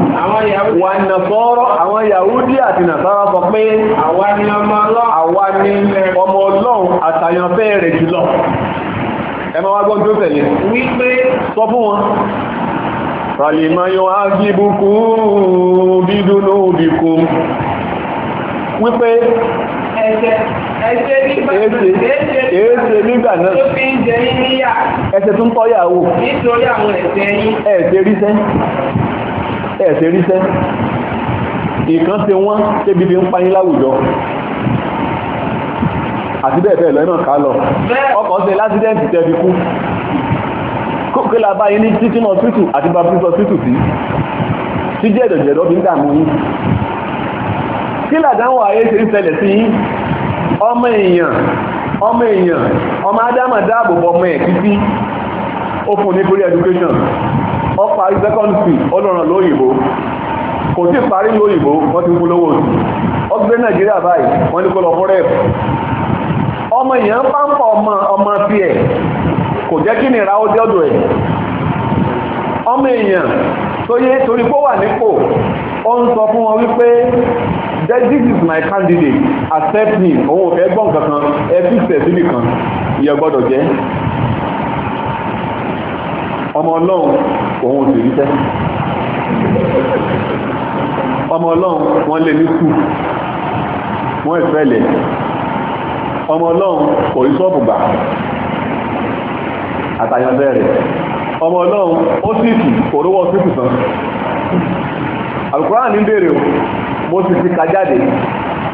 wà nàfọ́rọ́ àwọn yahudi àti nàfọ́rọ́ sọ pé àwa ni ọmọ ọlọ́run àtàyànfẹ́ rẹ̀ jùlọ ẹ máa wá gbọ́n tó tẹ̀lé wípé sọ fún wọn fàlìmọ̀ yóò á gíbùkú bídúnú bìkún wípé ẹ̀ṣẹ̀ nígbà náà tó fi ń jẹ yín níyà ẹ̀ṣẹ̀ tó ń tọ́ yàwó nítorí àwọn ẹ̀ṣẹ̀ yín ẹ̀ṣẹ̀ ríṣẹ́ ẹ̀ṣẹ̀ ríṣẹ́ ìkan ṣe wọ́n tẹ́bi fi ń pa yín láwùjọ àti bẹ́ẹ̀ bẹ́ẹ̀ lọ́nà ká lọ ọkọ̀ ṣe lásìdẹ́ǹtì tẹ́bi kú kókè làbá yín ní títí náà tútù àti bá pípọ̀ tútù sí tí jẹ́ ẹ̀dọ̀jẹ̀dọ̀ fi ń dààmú yín kí làdánwò ayé ṣe ń ṣẹlẹ̀ sí ọmọ èèyàn ọmọ èèyàn ọmọ ádámà dáàbò ọmọ ẹ̀ títí ó fún ní free education ó parí second school ọlọ́run lóyìnbó kò tí parí lóyìnbó wọ́n ti polówó sí ó gbé nàìjíríà báyìí wọ́n ní kó lọ fọ́rẹ́ ọmọ èèyàn pàǹpà ọmọ ọmọ tiẹ̀ kò jẹ́ kí nìra ó jọ́dọ̀ ẹ̀ ọmọ èèyàn tó yé torí pé ó wà nípò ó ń sọ fún wọn wípé said this is my candidate accept me òun ò fẹ́ gbọ́n kankan ẹ fi sẹ̀síbì kan ìyẹn gbọ́dọ̀ jẹ́ ọmọ ọlọ́run òun ò sì ríṣẹ́ ọmọ ọlọ́run wọ́n lè ní skul wọ́n ìfẹ́lẹ̀ ọmọ ọlọ́run kò rí sọ́ọ̀bù gbà àtàyànfẹ́ ọmọ ọlọ́run ó sì kì kò sí kùsàn àlùkùránì ń béèrè o mo sì ti ka jáde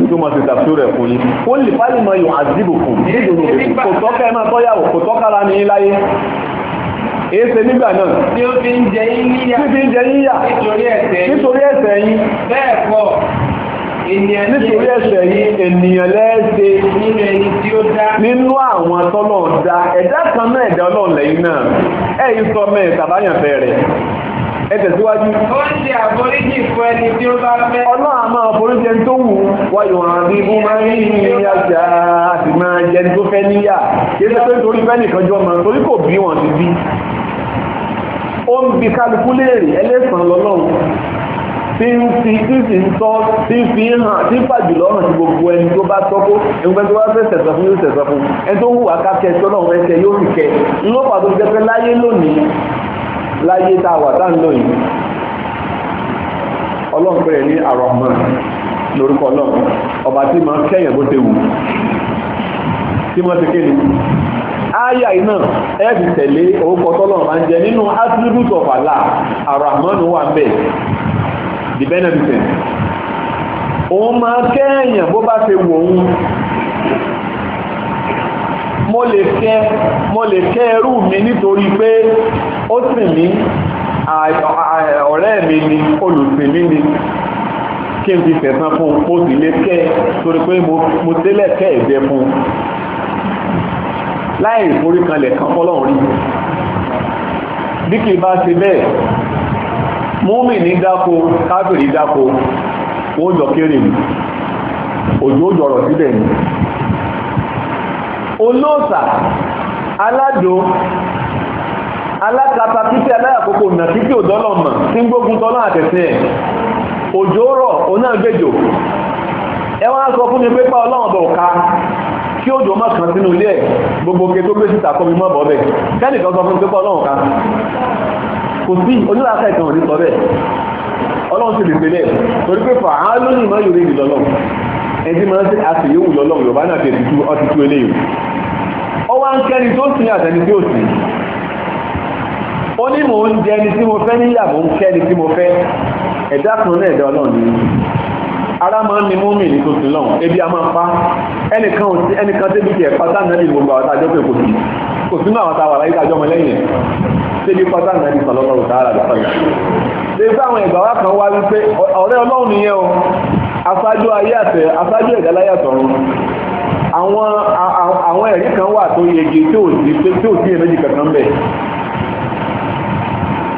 tó ma ti tàbí rẹ̀ fún yín ó lè fáyé mọ yóò àdìbò fún kò tọ́ka ẹ̀ máa tọ́yàwó kò tọ́ka la ní í láyé èyí ṣe nígbà náà tí ó fi ń jẹ yín níyà nítorí ẹ̀ṣẹ̀ yín bẹ́ẹ̀ kọ́ nítorí ẹ̀ṣẹ̀ yín ènìyàn lẹ́ẹ̀ṣẹ̀ nínú ẹni tí ó dá nínú àwọn tọ́lọ̀ dá ẹ̀dá kan náà ẹ̀dá ọlọ́ọ̀lẹ́yìn náà ẹ̀yìn sọ mẹ́ẹ̀ tàbáyàn bẹ̀rẹ̀ ẹ tẹ̀síwájú. ó ń ṣe àforíjì fún ẹni tí ó bá fẹ́. ọlọ́run àmọ́ àforíjì ẹni tó wù ú wáyọ̀ hàn bí mo máa ń rí ìyájà àti máa jẹ ẹni tó fẹ́ níyà kí ẹ pé torí fẹ́ nìkan jọ mọ̀ torí kò bí wọn ti bí. ó ń bi kálukú léèrè ẹlẹ́sàn lọ́lọ́run tí ń fi tí sì ń tọ́ tí fi ń hàn tí ń fàjù lọ́rùn sí gbogbo ẹni tó bá tọ́kó ẹgbẹ́ tó bá fẹ́ sẹ̀sọ̀ fún yóò sẹ̀sọ̀ fún ẹni tó hùwà kákẹ́ tí ọlọ́run fẹ́ tẹ yóò fi kẹ́ ńlọ́pàá tó jẹ́ pé láyé lónìí láyé tá a wà tá à ń lò yìí ọlọ́run pẹ̀lẹ́ ní arahman lórúkọ ọlọ́run ọba tí máa kẹ́yìn bó ṣe wù tí wọ́n ti kéde áyà iná ẹ fi tẹ̀lé orúkọ tọ́lọ́run máa ń jẹ nínú attribute of Allah arahman wà ń bẹ̀ the benefit òun máa kẹ́yìn bó bá ṣe wù òun mo lè kẹ́ mo lè kẹ́ ẹrú mi nítorí pé ó sìn mí ọ̀rẹ́ mi ni olùsìn mi ni kí n fi fẹ̀sán fún un mo sì lè kẹ́ torí pé mo tẹ́lẹ̀ kẹ́ ẹ̀jẹ̀ fún un láì ìforí kanlẹ̀ kan fọ́lọ́run rí bí kì í bá ṣe bẹ́ẹ̀ múmi ní dáko káfìrí dáko wọ́n jọ kéré mi òjò òjò síbẹ̀ ni olóòsà aládò alákata títí aláyàkókò nà títí òdọ́lọ̀ mọ̀ tí ń gbógun tọ́lọ́ àtẹ̀sẹ̀ ẹ̀ òjò rọ̀ oná gbèjò ẹ wá sọ fún mi pé pa ọlọ́run bọ̀ ká kí òjò má kàn sínú ilé ẹ̀ gbogbo ke tó gbé síta kọ́ mi mọ́ bọ̀ bẹ́ẹ̀ kẹ́nìkan sọ fún mi pé pa ọlọ́run ká kò sí onílàáfà ìtàn òní sọ bẹ́ẹ̀ ọlọ́run sì lè tẹ́lẹ̀ torí pé fà á lónìí má yòrè ìlọ́lọ́run ẹbí máa ń sẹ́ àṣeyẹ̀wò lọ́lọ́run yorùbá náà ti tutù ọtí tú eléyìí ó wá ń kẹ́ni tó sìn àtẹni tí ó sìn ó ní mò ń jẹ ẹni tí mo fẹ́ níyà mò ń kẹ́ni tí mo fẹ́ ẹ̀dá kan náà ẹ̀dá ọlọ́run ni ara máa ń ni mú mi ní tuntun lọ́wọ́ ebi a máa pa ẹnìkan òsì ẹnìkan débi tiẹ̀ pátá náà ní gbogbo àwọn àtàjọ pé kò sí kò sínú àwọn àtàwàrà yìí tàjọ ọmọlẹ́yìn ẹ̀ débi pátá náà ní sọlọ́lọ́rù tààrà lọ́sọ̀rọ̀ o aṣáájú ayé àtẹ aṣáájú ẹ̀dá láyé àtọ̀run àwọn àwọn ẹ̀rí kan wà tó yege tí ò sí tí ò sí èméjì kankan bẹ̀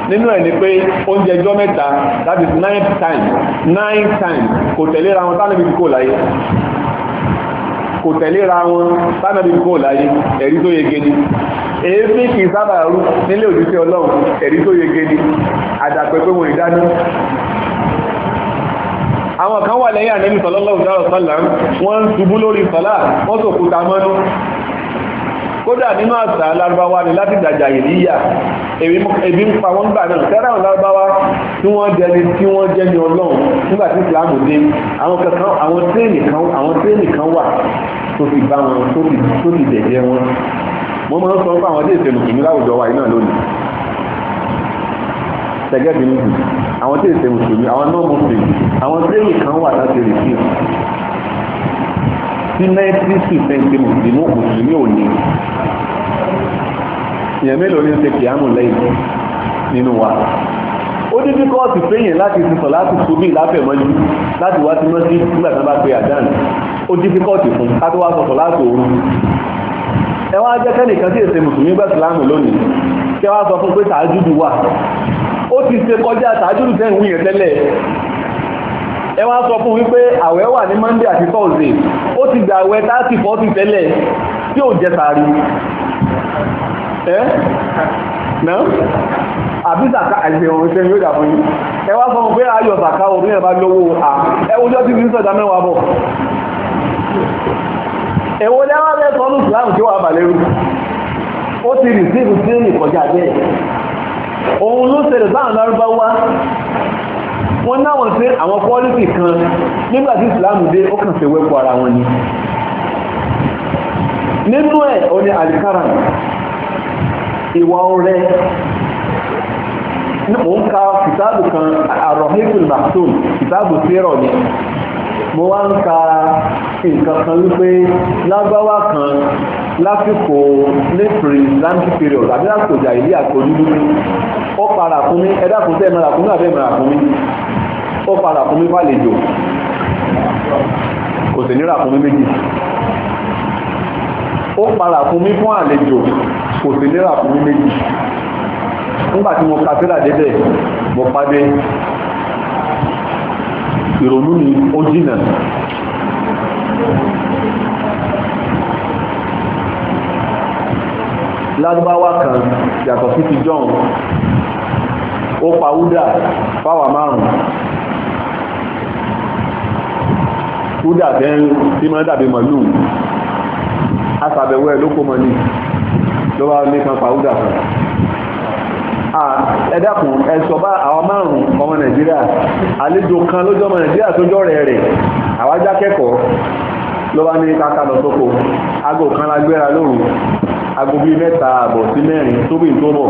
nínú ẹ̀ ni pé oúnjẹ ẹjọ́ mẹ́ta that is nine times nine times kò tẹ̀léra wọn tánàbí kò láyé kò tẹ̀léra wọn tánàbí kò láyé ẹ̀rí tó yege ni èéfín kì í sábà rú nílé òjíṣẹ́ ọlọ́run ẹ̀rí tó yege ni àdàpẹ́ pé wọ́n ì dáná àwọn kan wà lẹ́yìn ànẹ́bí sallallahu alaihi wasallam wọ́n ń ṣubú lórí sọ́lá wọ́n sòkúta mọ́nú kódà nínú àṣà lárúbáwá ni láti dàjà ìlíyà ebi ń pa wọ́n gbà náà tẹ́lá àwọn lárúbáwá tí wọ́n jẹni tí wọ́n jẹni ọlọ́run nígbà tí ìsìlámù dé àwọn kankan àwọn tírèènì kan àwọn tírèènì kan wà tó ti bá wọn tó ti dẹ̀jẹ̀ wọn wọ́n máa ń sọ fún àwọn dé ìṣèlú kìíní láwùjọ wa tẹ̀gẹ́bì níbi àwọn tí èsè mùsùlùmí àwọn náà mùsùlùmí àwọn tí èyí kan wà láti rè sí tí ninety percent mùsùlùmí mùsùlùmí ò ní ìyẹn mélòó ní ṣe kìámù lẹ́yìn nínú wa ó ní bíkọ́ọ̀sì péyìn láti ti sàn láti tóbi láfẹ̀mọ́jú láti wá sí mọ́sí nígbà tí wọ́n bá pe àdán ó ní bíkọ́ọ̀sì fún ká tó wá sọ̀tọ̀ láti òru ẹ wá jẹ́ kẹ́nìkan tí èsè mùsùlùmí gbẹ̀sìlámù lónìí kí wọ́n á sọ fún pé tàájúdù wà ó ti se kọjá tàájúrù tẹ́ ìwú yẹn tẹ́lẹ̀ ẹ wá sọ fún wípé àwẹ̀ wà ní monday àti thursday ó ti gbà àwẹ̀ thirty forty tẹ́lẹ̀ tí ò jẹ sàárì ẹ́ ná àbí sàkà àìsèwọ̀n ìṣẹ́ yóò dà fún yín ẹ wá sọ fún pé ayọ̀ sàkà òbí ẹ̀ bá lówó à ẹ wọ́jọ́ tí fi sọ̀dá mẹ́wàá bọ̀ èwo lẹ́wọ́ bẹ́ẹ̀ sọ́nù ìsìláàmù tí wàá bà lérú ó ti rìsíìfù sí ìkọjá bẹ́ẹ̀ òun ló ṣẹlẹ̀ báwọn lárúbá wá wọ́n náwọn sí àwọn pọ́lísì kan nígbà tí ìsìláàmù dé ó kàn fẹ́ wẹ́pọ̀ ara wọn ni nínú ẹ̀ ó ní àlìkárà ìwà ọrẹ mò ń ka kìtáàbù kan àròhìnkùn màtún kìtáàbù sírọ̀ ni mo wá ń ka nǹkan kan wípé lágbáwá kan lásìkò lẹ́pìrì atlantic period àbí lásìkò ìjà ìlú àtòlúlú ó para fún mi ẹ dákun tẹ́ ẹ mọ́ra fún mi àbẹ́ mọ́ra fún mi ó para fún mi fàlejò kò sì nira fún mi méjì ó para fún mi fún àlejò kò sì nira fún mi méjì nígbà tí mo ka sílà débẹ̀ mo pàdé ìrònú mi ó jìnà lárúbáwá kan yàtọ̀ sí ti john ó pa wúdà fáwà márùn-ún wúdà tẹ́ ń tí máa dàbí màlúù asàbẹ̀wẹ̀ ló kó mọ́ ní ló ní kan pa wúdà kan ẹ dákun ẹ sọ bá àwọn márùn ọmọ nàìjíríà àlejò kan lójú ọmọ nàìjíríà tó jọrẹ rẹ àwa já kẹ́kọ̀ọ́ ló bá ní káka lọ sóko aago kan la gbéra lóru aago bíi mẹ́ta àbọ̀ sí mẹ́rin tóbi tó bọ̀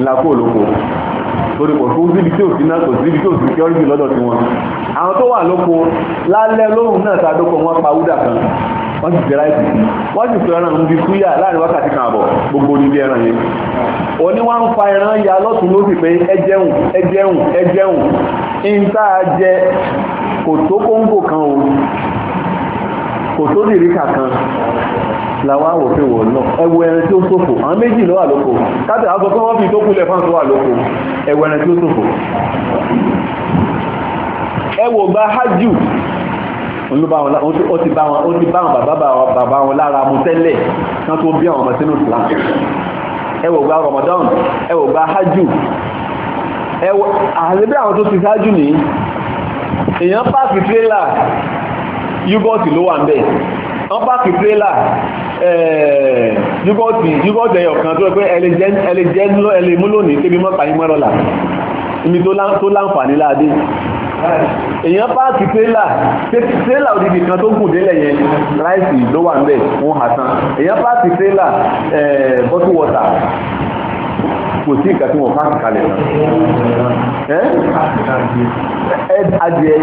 ńlá kó lóko lórí kò fún síbi tí ò sí náà kò síbi tí ò sí security lọ́dọ̀ tiwọn àwọn tó wà lóko lálẹ́ lóhùn náà ta dóko wọn pa wúdà kan wọ́n sì fi ráìsì sí wọ́n sì fi ẹran bí súyà láàrin wákàtí kan àbọ̀ gbogbo nílé ẹran yẹn wọ́n ní wọ́n ń fa ẹran ya lọ́tún lósì pé ẹ jẹun ẹ jẹun ẹ jẹun ń tá a jẹ kò tó kóńgò kan o kò tó dìríkà kan làwọn àwòfin wò náà ẹwọ ẹran tí ó ṣòfò àwọn méjì ló wà lóko káàtì àwọn sọ pé fi tó kúlẹ̀ fáwọn tó wà lóko ẹwọ ẹran tí ó ṣòfò ẹwọ gba hajj ó ti bá wọn bàbá wọn lára mu tẹ́lẹ̀ kí wọ́n tó bí àwọn ọmọ sínú Islam ẹ wò gba Ramadan ẹ wò gba hajj ẹ wò àlebí àwọn tó ti ṣáájú nìyí èèyàn páàkì tírélà yúgọ́ọ̀tì ló wà ń bẹ̀ wọ́n páàkì tírélà eh, yúgọ́ọ̀tì yúgọ́ọ̀tì ẹ̀yọ̀ kan tó rẹ pé ẹlẹ́jẹ́ ẹlẹ́mú lónìí tẹ́bí mọ́ta yín mọ́rọ̀lá ibi tó láǹfààní láàdé èèyàn páàkì tẹ́là tẹ́là òdìdì kan tó gùn délẹ̀ yẹn ráìsì ló wà níbẹ̀ wọ́n hà tán èèyàn páàkì tẹ́là bọ́tù wọ́tà kò sí nǹkan tí wọ́n páàkì kalẹ̀ ẹ́ adìẹ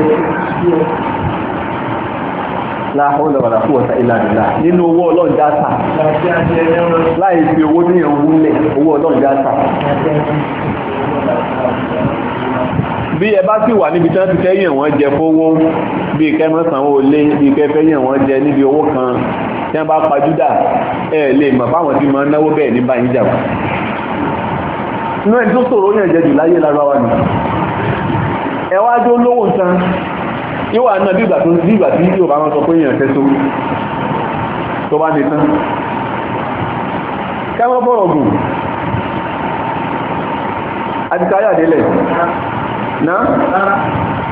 láhùlẹ̀ wà láfún ọ̀tá ìlànà nínú owó ọlọ́ọ̀dáta láì fi owó níyàn wúlẹ̀ owó ọlọ́ọ̀dáta bí ẹ bá sì wà níbi tí wọ́n ti fẹ́ yàn wọ́n jẹ fówó bí kẹ́ mọ́ sanwó lé bí kẹ́ fẹ́ yàn wọ́n jẹ níbi owó kan tí wọ́n bá pa júdà ẹ lè mọ̀ fáwọn tí mọ̀ náwó bẹ́ẹ̀ ní báyìí jà wọ́n. inú ẹni tó sòrò yàn jẹ jù láyé lára wa nù ẹ wá jó lówó nǹkan ìwà náà bí ìgbà tó ń bí ìgbà tí yóò bá wọn sọ pé èèyàn fẹ́ tó tó bá ní tán kẹ́mọ́ bọ̀rọ̀ gùn àtikáyà délẹ̀ náà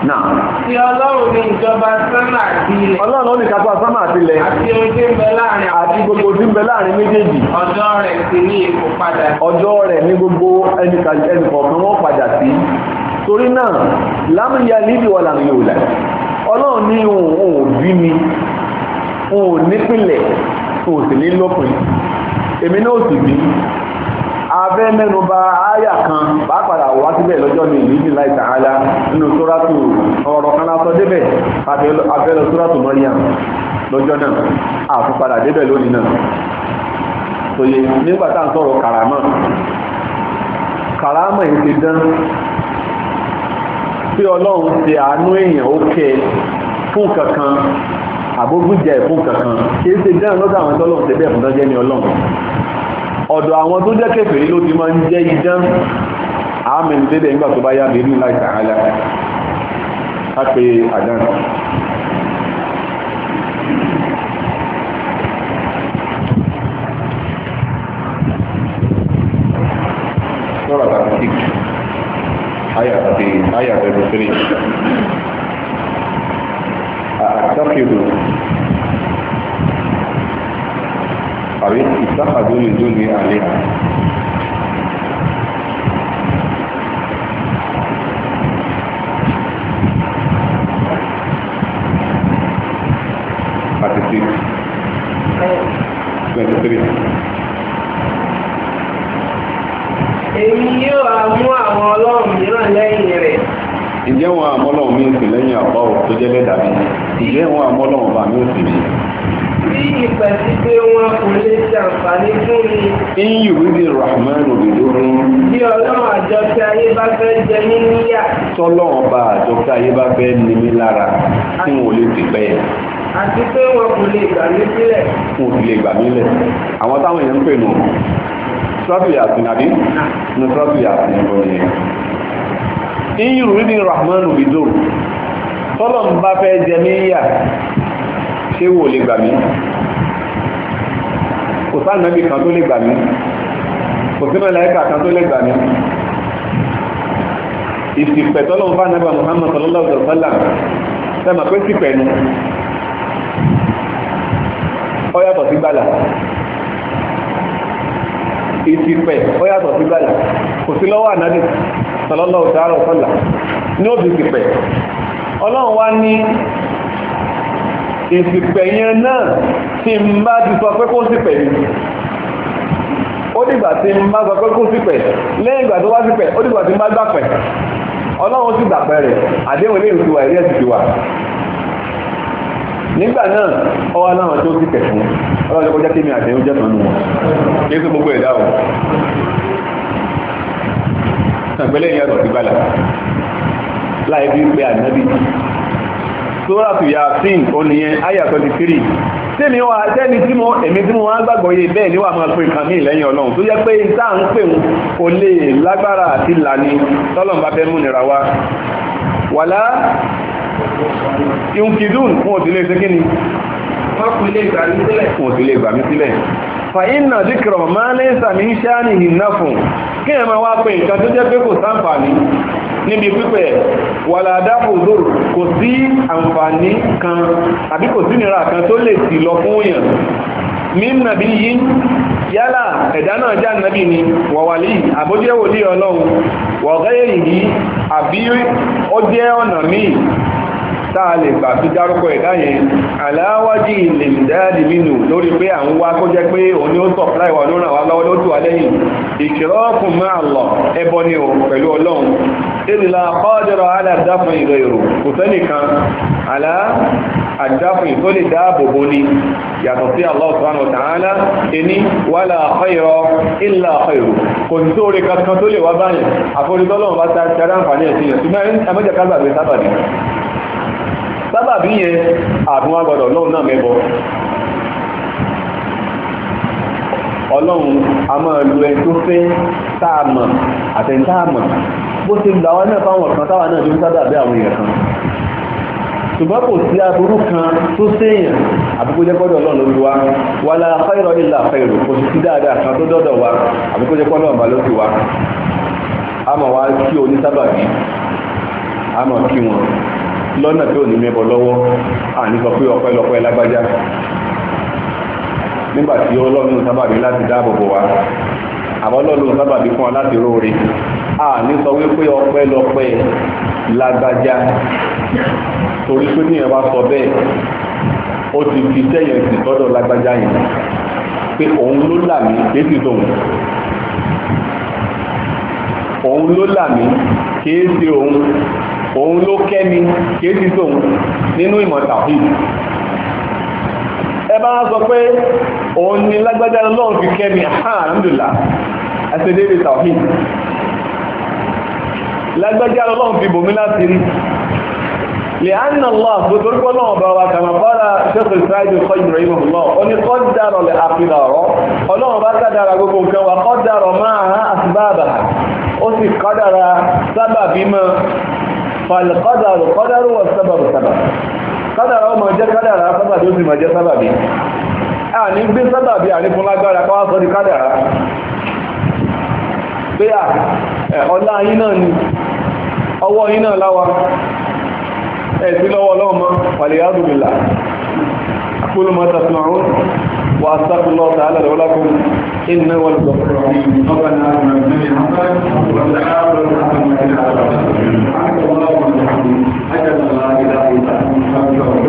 náà. ti ọlọ́run ní ìjọba sánmà àti ilẹ̀. ọlọ́run ló ní sánmà àti ilẹ̀. àti ohun àti gbogbo tí ń láàrin méjèèjì. ọjọ́ rẹ̀ ti ní ipò padà. ọjọ́ rẹ̀ ní gbogbo ẹnìkọ̀ọ̀kan wọ́n padà sí. torí náà níbi ọlọ́run ní òun ò bí ní lọ́pìn èmi náà abẹ́ mẹ́nuba àyà kan bá padà wá síbẹ̀ lọ́jọ́ mi ìlú ìlà ìtàhálà nínú sóràtù ọ̀rọ̀ kan lásọ débẹ̀ abẹ́ lọ sóràtù Maryam lọ́jọ́ náà àtúpadà débẹ̀ lónìí náà tòye nígbà tá à ń sọ̀rọ̀ kàràmọ́ kàràmọ́ yìí ti dán pé ọlọ́run ti àánú èèyàn ó kẹ fún kankan àbógbújẹ fún kankan kì í ṣe dán lọ́dọ̀ àwọn tọ́lọ́run tẹ́lẹ̀ fún tọ́jẹ́ ní ọlọ́run ọ̀dọ̀ àwọn tó jẹ́ kèfèrí ló ti máa ń jẹ́ idán àmì ìdílé nígbà tó bá yá mi rí láì tààlà ká pé للظلم آلهة Èmi yóò mú àwọn ọlọ́run mìíràn lẹ́yìn rẹ̀. Ǹjẹ́ wọn àmọ́ ọlọ́run mi ò sì lẹ́yìn àbá òkú jẹ́lẹ̀ dàbí? Ǹjẹ́ wọn àmọ́ ọlọ́run bá mi ò sì rí? tí ìpàdígbé wọn kò lè ṣe àǹfààní fún mi. ń yìí rí rahman òdòdó. bí ọlọ́run àjọkẹ́ ayé bá fẹ́ jẹ mí níyà. tọ́lọ́run bá àjọkẹ́ ayé bá fẹ́ ní mi lára tí wọn ò lè dìgbẹ́ yẹn àti pé wọn kò lè gbà mí sílẹ̀. wọn kò lè gbà mí lẹ̀ àwọn táwọn èèyàn ń pè nù sọ́ọ̀tù yàtìn àbí nù sọ́ọ̀tù yàtìn ìbọn yẹn. iyùn rídìn rahman obidoro tọ́lọ̀ bá fẹ́ jẹ mí yà ṣé wò lè gbà mí kò sáà nàbì kan tó lè gbà mí kò sínú ẹlẹ́ka kan tó lè gbà mí ìsìpẹ̀ tọ́lọ́run bá nàbà Muhammad sallallahu alaihi wasallam sẹ́mà pé sípẹ̀ nu ó yàtọ̀ sí gbàlà ìsìpẹ̀ ó yàtọ̀ sí gbàlà kò sí lọ́wọ́ ànádì sallallahu alaihi wasallam ní òbí ìsìpẹ̀ ọlọ́run wá ní ìsìpẹ̀ yẹn náà tí n bá ti sọ pé kó sì pẹ̀ mí ó dìgbà tí n bá sọ pé kó sì pẹ̀ lẹ́yìn ìgbà tó wá sí pẹ̀ ó dìgbà tí n bá gbà pẹ̀ ọlọ́run sì gbàpẹ́ rẹ̀ àdéhùn ilé ìtura ẹ̀rí ẹ̀sìn ti wà nígbà náà ọwọ́ aláwọn tó sì pẹ̀ ọlọ́run kọjá kí mi àtẹ̀yìn jẹ́ tọ́nu wọn kí sí gbogbo ẹ̀dá o sàgbélé yẹn rọ̀ sí gbàlà láì bí pé ànábì sóràtù yasin oníyẹn àyà twenty three tẹ́mi wa tẹ́mi tí mo èmi tí mo wá gbàgbọ́ yé bẹ́ẹ̀ ni wà máa pe nǹkan mí lẹ́yìn ọlọ́run tó yẹ pé tá à ń pè ń kò lè lágbára àti lànà tọ́lọ̀ bá fẹ́ múnira wa wàlá yunkidun fún òdílé ṣe kí ni fún òdílé gbàmí sílẹ̀ fàyínà díkìrọ̀ máa ń lẹ́sàmì ń ṣáà nìyí náà fún kí ẹ máa wá pe nǹkan tó jẹ́ pé kò sáǹfààní níbi pípẹ́ wàlàdàpò zoro kò sí àǹfààní kan àbí kò sí nira kan tó lè sì lọ fún èèyàn min nàbí yìí yálà ẹ̀dá náà já nàbí ni wàwàlì àbójẹ́ wòlí ọlọ́run wọ̀gẹ́yẹ yìí àbí ó jẹ́ ọ̀nà míì táa lè gbà fi dárúkọ ẹ̀dá yẹn aláwájì lè dáàdì mínú lórí pé à ń wá kó jẹ́ pé òun ni ó sọ̀pláì wà ló ràn wá lọ́wọ́ lójú wa lẹ́yìn ìṣòro máa lọ ẹbọ ni ò pẹ̀lú ọlọ́run ìlà kọ́dọ̀rọ̀ aláàdáfún ìrọ̀ ìrò kò sẹ́nìkan aláàdáfún tó lè dáàbò bò ní yàtọ̀ sí Allah subhanahu wa ta'ala ẹni wala khayra illa khayru kò ní tó rí kankan tó lè wá báyìí àforídọ́lọ́wọ́ bá tẹ́rẹ́ àǹfààní ẹ̀sìn ọlọ́run a máa lu ẹni tó fẹ́ tá a mọ̀ àtẹ̀yìn tá a mọ̀ bó ṣe lu àwọn náà fáwọn kan táwa náà ló ń sábà bẹ́ àwọn èèyàn kan ṣùgbọ́n kò sí aburú kan tó séèyàn àbíkó jẹ́ kọ́dọ̀ ọlọ́run ló wá wà lára fẹ́rọ̀ ìlà fẹ́rọ̀ kò sì sí dáadáa kan tó dọ́dọ̀ wa àbíkó jẹ́ kọ́dọ̀ ọ̀bà ló ti wá a mọ̀ wá kí onísábàbí a mọ̀ kí wọn lọ́nà tí ò ní mẹ́bọ lọ́wọ́ à ní sọ pé ọpẹ́ lọpẹ́ lágbájá nígbà tí ọlọ́run sábàbí láti dáàbò bò wá àwọn ọlọ́run sábàbí fún wa láti róore a ní sọ wípé ọpẹ́ lọpẹ́ lágbájá torí pé níyẹn wá sọ bẹ́ẹ̀ ó ti fi sẹ́yìn sí tọ́dọ̀ lágbájá yẹn pé òun ló là mí kéésì tóun òun ló là mí kéésì òun òun ló kẹ́ mi kéésì tóun nínú ìmọ̀ tàfíì ẹ bá sọ pé òun ni lágbájá lọ́run fi kẹ́ mi alhamdulillah ẹsẹ̀ débi tawhid lágbájá lọ́run fi bòmí láti rí لأن الله بطرق الله بوا كما قال شيخ السعيد الخير رحمه الله أن قدر لأقدار الله بقدر أقول وقدر معها أسبابها أسي قدر سبب ما فالقدر قدر والسبب سبب kádàrá ó máa jẹ́ kádàrá sábàbí ó sì máa jẹ́ sábàbí àní gbé sábàbí àrífún lágbára káwá sọ di kádàrá pé à ọlá yín náà ni ọwọ́ yín náà láwa ẹ̀sí lọ́wọ́ ọlọ́run mọ́ pàlẹ́ àdùbìlà kúlù mọ́ tàbílọ́rún wà sábìlọ́ tààlà lọ́lákùn iná wọn lọ Thank you. أشهد أن لا إله إلا أنت أستغفرك